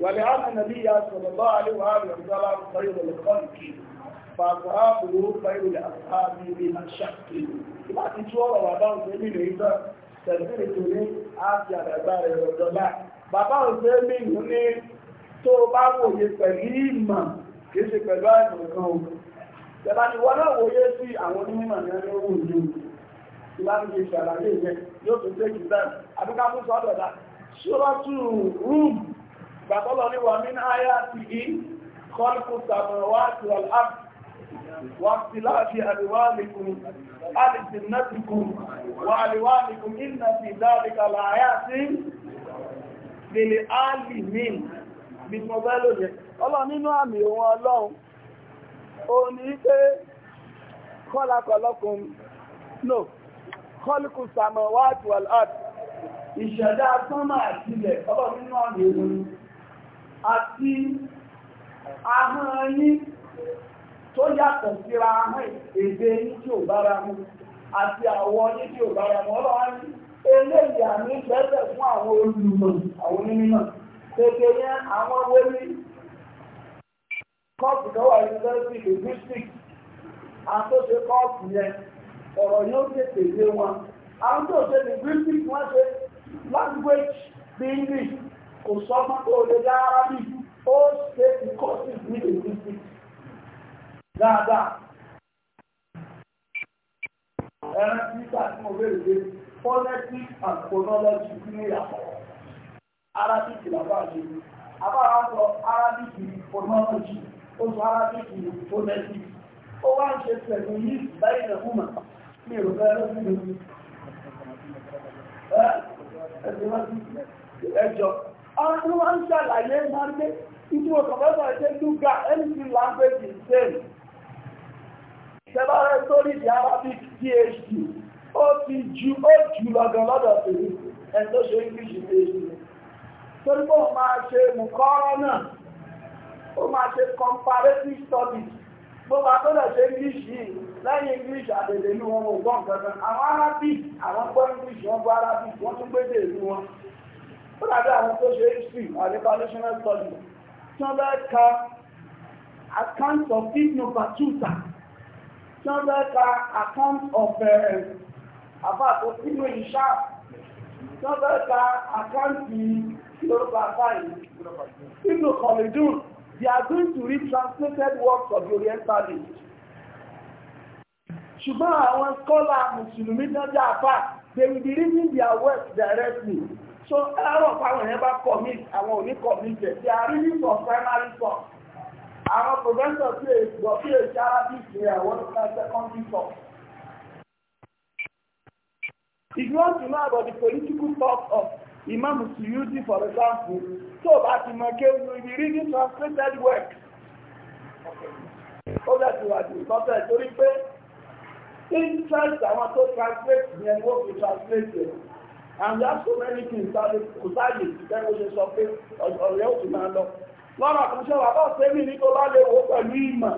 ولعن النبي صلى الله عليه وآله وسلم خير الخلق فأصحابه خير لأصحابه بما شكل ما تتوارى وعبان سبيل عيسى تنزل تولي عافية العبارة والضلاع bàbá òṣèré mìíràn ní tó bá wòye pẹ̀lú ìmọ̀ kìí ṣe pẹ̀lú àìsàn kan o ìjọba ni wọ́n náà wòye sí àwọn onímọ̀ ní ẹni owó ìlú ìlànà ìṣẹ́ wà àríwáàlìkùn àlìsìnàtìkùn ìdáríkà láyà sí lèlè áàlì mìí bí mo bẹ́ lónìí ọlọ́run nínú àmì ohun ọlọ́run ó ní pé kọ́lákọ̀ọ́lọ́kùn no kọ́lùkù sàmọ̀ wáàtù aláàtù ìṣẹ̀dá sánmà àtìlẹ̀ ọlọ́run nínú àmì ohun àti ahọ́n yín tó yàtọ̀ síra ahọ́n èdè yín tí ò bára mu àti àwọ̀ yín ọlọ́run eléyìí àmì bẹ́ẹ̀ fún àwọn olùmọ̀ àwọn onímọ̀ kékeré àwọn wẹ́lí kọ́ọ̀tù tó wà yunifásitì linguistics àtúnṣe kọ́ọ̀tù yẹn ọ̀rọ̀ yóò tètè lé wọn àwọn tó ṣe linguistics wọ́n ṣe language bí english kò sọ́mọ́ tó lè dá ó ṣe ní dáadáa ẹran títà tí mo bẹ̀rẹ̀ lé phonetics and phonology ní ìyàtọ̀ arabic làbá ṣe àbára sọ arabic phonology ó sọ arabic phonetics ó wá ń ṣe pẹ̀lú yìí báyìí nà fún mà ní ìrọ̀lẹ́ lọ́sùn lórí ẹjọ́ ọdún wọ́n ṣàlàyé máa gbé ìjú ọ̀tọ̀fẹ́sọ̀ ẹ̀ṣẹ́ lúgà anything language is same ṣẹbàrẹ́ sórí the Arabic PhD ó ti ju ó jù lọ́gàn lọ́dọ̀ tèmi ẹni tó ṣe english page ni torí pé ó máa ṣe mùkọ́rọ́ náà ó máa ṣe comparative studies gbogbo àtọ́lẹ̀ ṣe english yìí lẹ́yìn english àdèdè ní wọn ò gbọ́n kankan àwọn arabic àwọn gbọ́ english wọn gbọ́ arabic wọ́n tún gbédè ìlú wọn ó dàbí àwọn tó ṣe history àti international studies tí wọ́n bá ka account of ibn Battuta tí wọ́n bá ka account of uh, àbá tó sínú ìṣá wọ́n fẹ́ ka àkáǹtì lórúkọ àbá yìí sínú kọ̀lìdùn they are going to read translated works of the orientalist ṣùgbọ́n àwọn skọ́là mùsùlùmí dájá àfà they will be reading their work directly so ẹ̀rọ fáwọn yẹn bá commit àwọn òní commit it. they are reading from primary source àwọn professor phd or phd arabic ní àwọn secondary source. If you want to know about the political thought of Imam Suyuti, for example, so that in my case you will be reading translated works. Ó dàtí wà ní ìtọ́sẹ̀ torí pé interest àwọn tó translate yẹn what wọ́n translate it. And there are so many things that kò sáàyè ìfẹ́ wo ṣe sọ pé ọ̀rẹ́ òtún máa lọ. Lọ́nà kan ṣe wà bá ṣe mí ní tó bá they wò pẹ̀lú ìmọ̀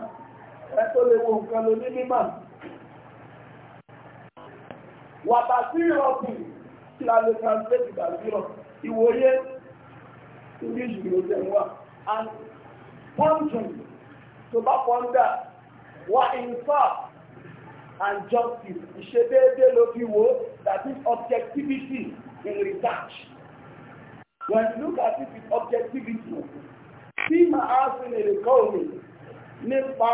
ẹ tó lè wo nǹkan lo ní wàtà sí ìrọ̀kù kí la lè translate ìgbà mìíràn ìwòye english ló jẹ wá and pondering to bá ponder wà in fact and justice ìṣedéédé ló fi wò that is objectivity in research when you look at it with objectivity tí màá fi lè kọ́ òun nípa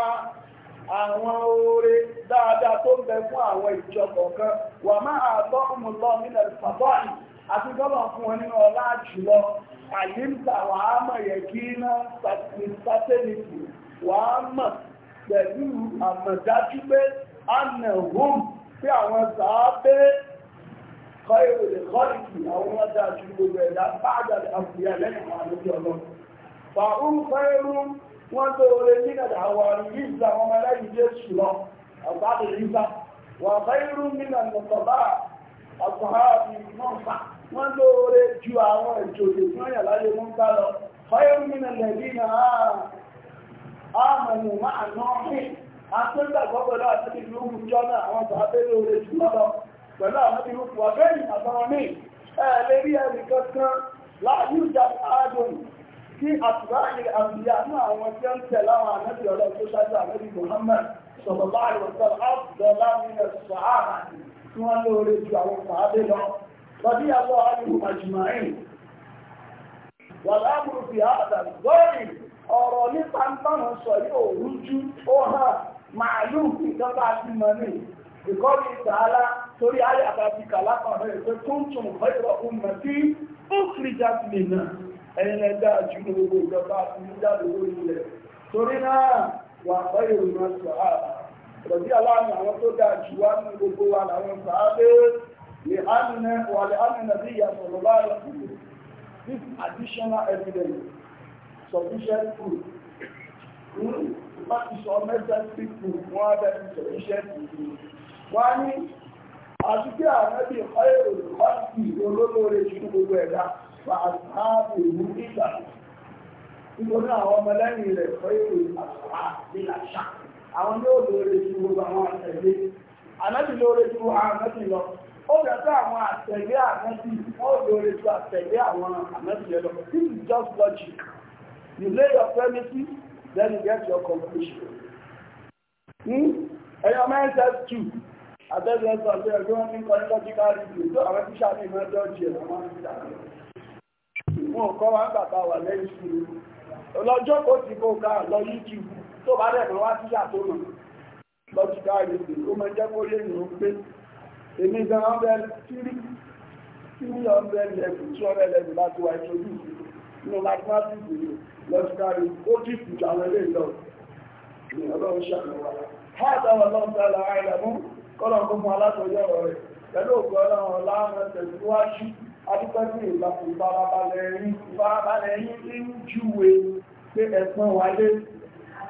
àwọn oore dáadáa tó ń bẹ fún àwọn ìjọ kọ̀ọ̀kan wà máa àtọ́ ọmọlọ nílẹ̀ pàtọ́ọ̀nì àti gọ́lọ̀ fún wọn nínú ọlá jùlọ àyíǹta wà á mọ̀ yẹ kí iná sátẹ́nìtì wà á mọ̀ pẹ̀lú àmọ̀dájú pé anahum pé àwọn sàábé kọ́ èrò lè kọ́ ìkì àwọn ọjà jù gbogbo ẹ̀dá bá àjàdà àfìyà lẹ́yìn àwọn àlejò ọlọ́run wọ́n tó orin nínàdà àwọn ìrìnzà ọmọ lẹ́yìn jésù lọ ọ̀gbá ìrìnzà wà bẹ́ẹ̀rù nínàdà ọ̀gbá ọ̀gbá ìmọ̀ǹfà wọ́n tó orin ju àwọn ìjòyè tí wọ́n yà láyé mú bá lọ bẹ́ẹ̀rù nínàdà ìdínà àmọ̀nù máa nọ́ọ̀hìn àtúndàgbọ́ pẹ̀lú àti ìlú jọ́nà àwọn tàbẹ́lẹ̀ orin jù lọ kí àtúrà ilẹ̀ àbíyá ní àwọn tí ó ń tẹ̀ láwọn ànábì ọ̀rọ̀ tó ṣáájú ànábì Muhammad sọ̀rọ̀ bá àrùn ọ̀sán àbùdọ́lá nílẹ̀ sàáhà tí wọ́n lóore ju àwọn sàábé lọ lọ́dí àbọ̀ àyùn àjùmáyìn wà láàbùrù fi àdà lórí ọ̀rọ̀ nípa ń sọ yóò rújú ó hàn màálù ìjọba àti mọ̀nì ìkọ́lù ìtàlá torí ayé àbábíkà lápá rẹ̀ pé kúntùn fẹ́ ẹ̀yìn ẹ̀dá jùlọ gbogbo ìjọba àti ilẹ̀ torí náà wà pẹ́yì ìrìnà sàábà rọ̀bí aláàmì àwọn tó dáa jù wá ní gbogbo wa làwọn sàábé lè ánìyàn wà lè ánìyàn bí lọ́lá kúrò this additional evidence sufficient proof hmm? bá sọ mẹ́ta sí proof wọ́n á bẹ̀rẹ̀ sufficient proof wọ́n á ní àti gbogbo ẹ̀dá فأصحابه إلا يقول هو ملاني لخير الأصحاب بلا شك àwọn yóò lóore ju gbogbo àwọn àtẹ̀lé ànábì lóore ju ànábì lọ ó dàtọ́ àwọn àtẹ̀lé awọn wọ́n lóore ju àtẹ̀lé àwọn ànábì lọ this is just logic you lay your premises then you get your conclusion ẹ̀yọ́ mẹ́ńtẹ́s tù àtẹ̀lé ẹ̀sán tó ẹ̀gbọ́n ní kọ́ńtọ́jì káàdì tó àwọn tíṣà ní ìmọ̀ ẹ̀dọ́jì ẹ̀ wọn kọ́ wá bàbá wà lẹ́yìn ṣúrú ọlọ́jọ́ kó ti kó ká lọ YouTube tó bá rẹ̀ wá sí àtọ́nà lọ́jíká ìrìnlẹ̀ ó mọ jẹ́ kó yẹ̀yìn ó pé èmi gan ọbẹ̀ tírí tírí ọbẹ̀ lẹ́kùn tí ọbẹ̀ lẹ́kùn bá ti wá ìṣojú nínú mathematics yìí lọ́jíká ìrìnlẹ̀ ó ti kù àwọn ilé ìlọ ní ọlọ́run ṣàlùwà hádà ọlọ́run tààlà àìlẹ̀mú kọ́lọ̀ gbogbo adúgbẹ́sí ìfarabalẹ̀ yìí ń júwe pé ẹ̀sán wáyé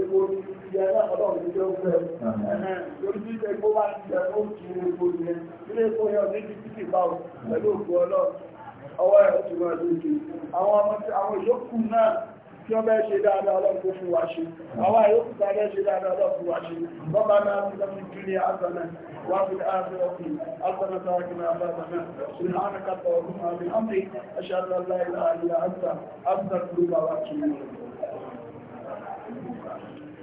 epo ìyá náà ọlọ́run ní ló ń fẹ́ lórí bí epo bá ti jẹ ó ti epo yẹn nílé epo yẹn ní ti títì bá o pẹ̀lú òkú ọlọ́run ọwọ́ ẹ̀ ó ti máa lókè àwọn ọmọ àwọn ìyókù náà tí wọ́n bẹ́ ṣe dáadáa ọlọ́pọ̀ fún wa ṣe àwọn àyókù tá bẹ́ ṣe dáadáa ọlọ́pọ̀ wa ṣe wọ́n bá náà ti lọ́pọ̀ ìdílé àtọ̀nà wà fún àtọ̀ọ̀kì àtọ̀nà tààkìnà àbábàná ṣùgbọ́n àkàtọ̀ ọdún àmì àmì aṣáájú aláìláàlá àtà àtà kúrúbà wà kìí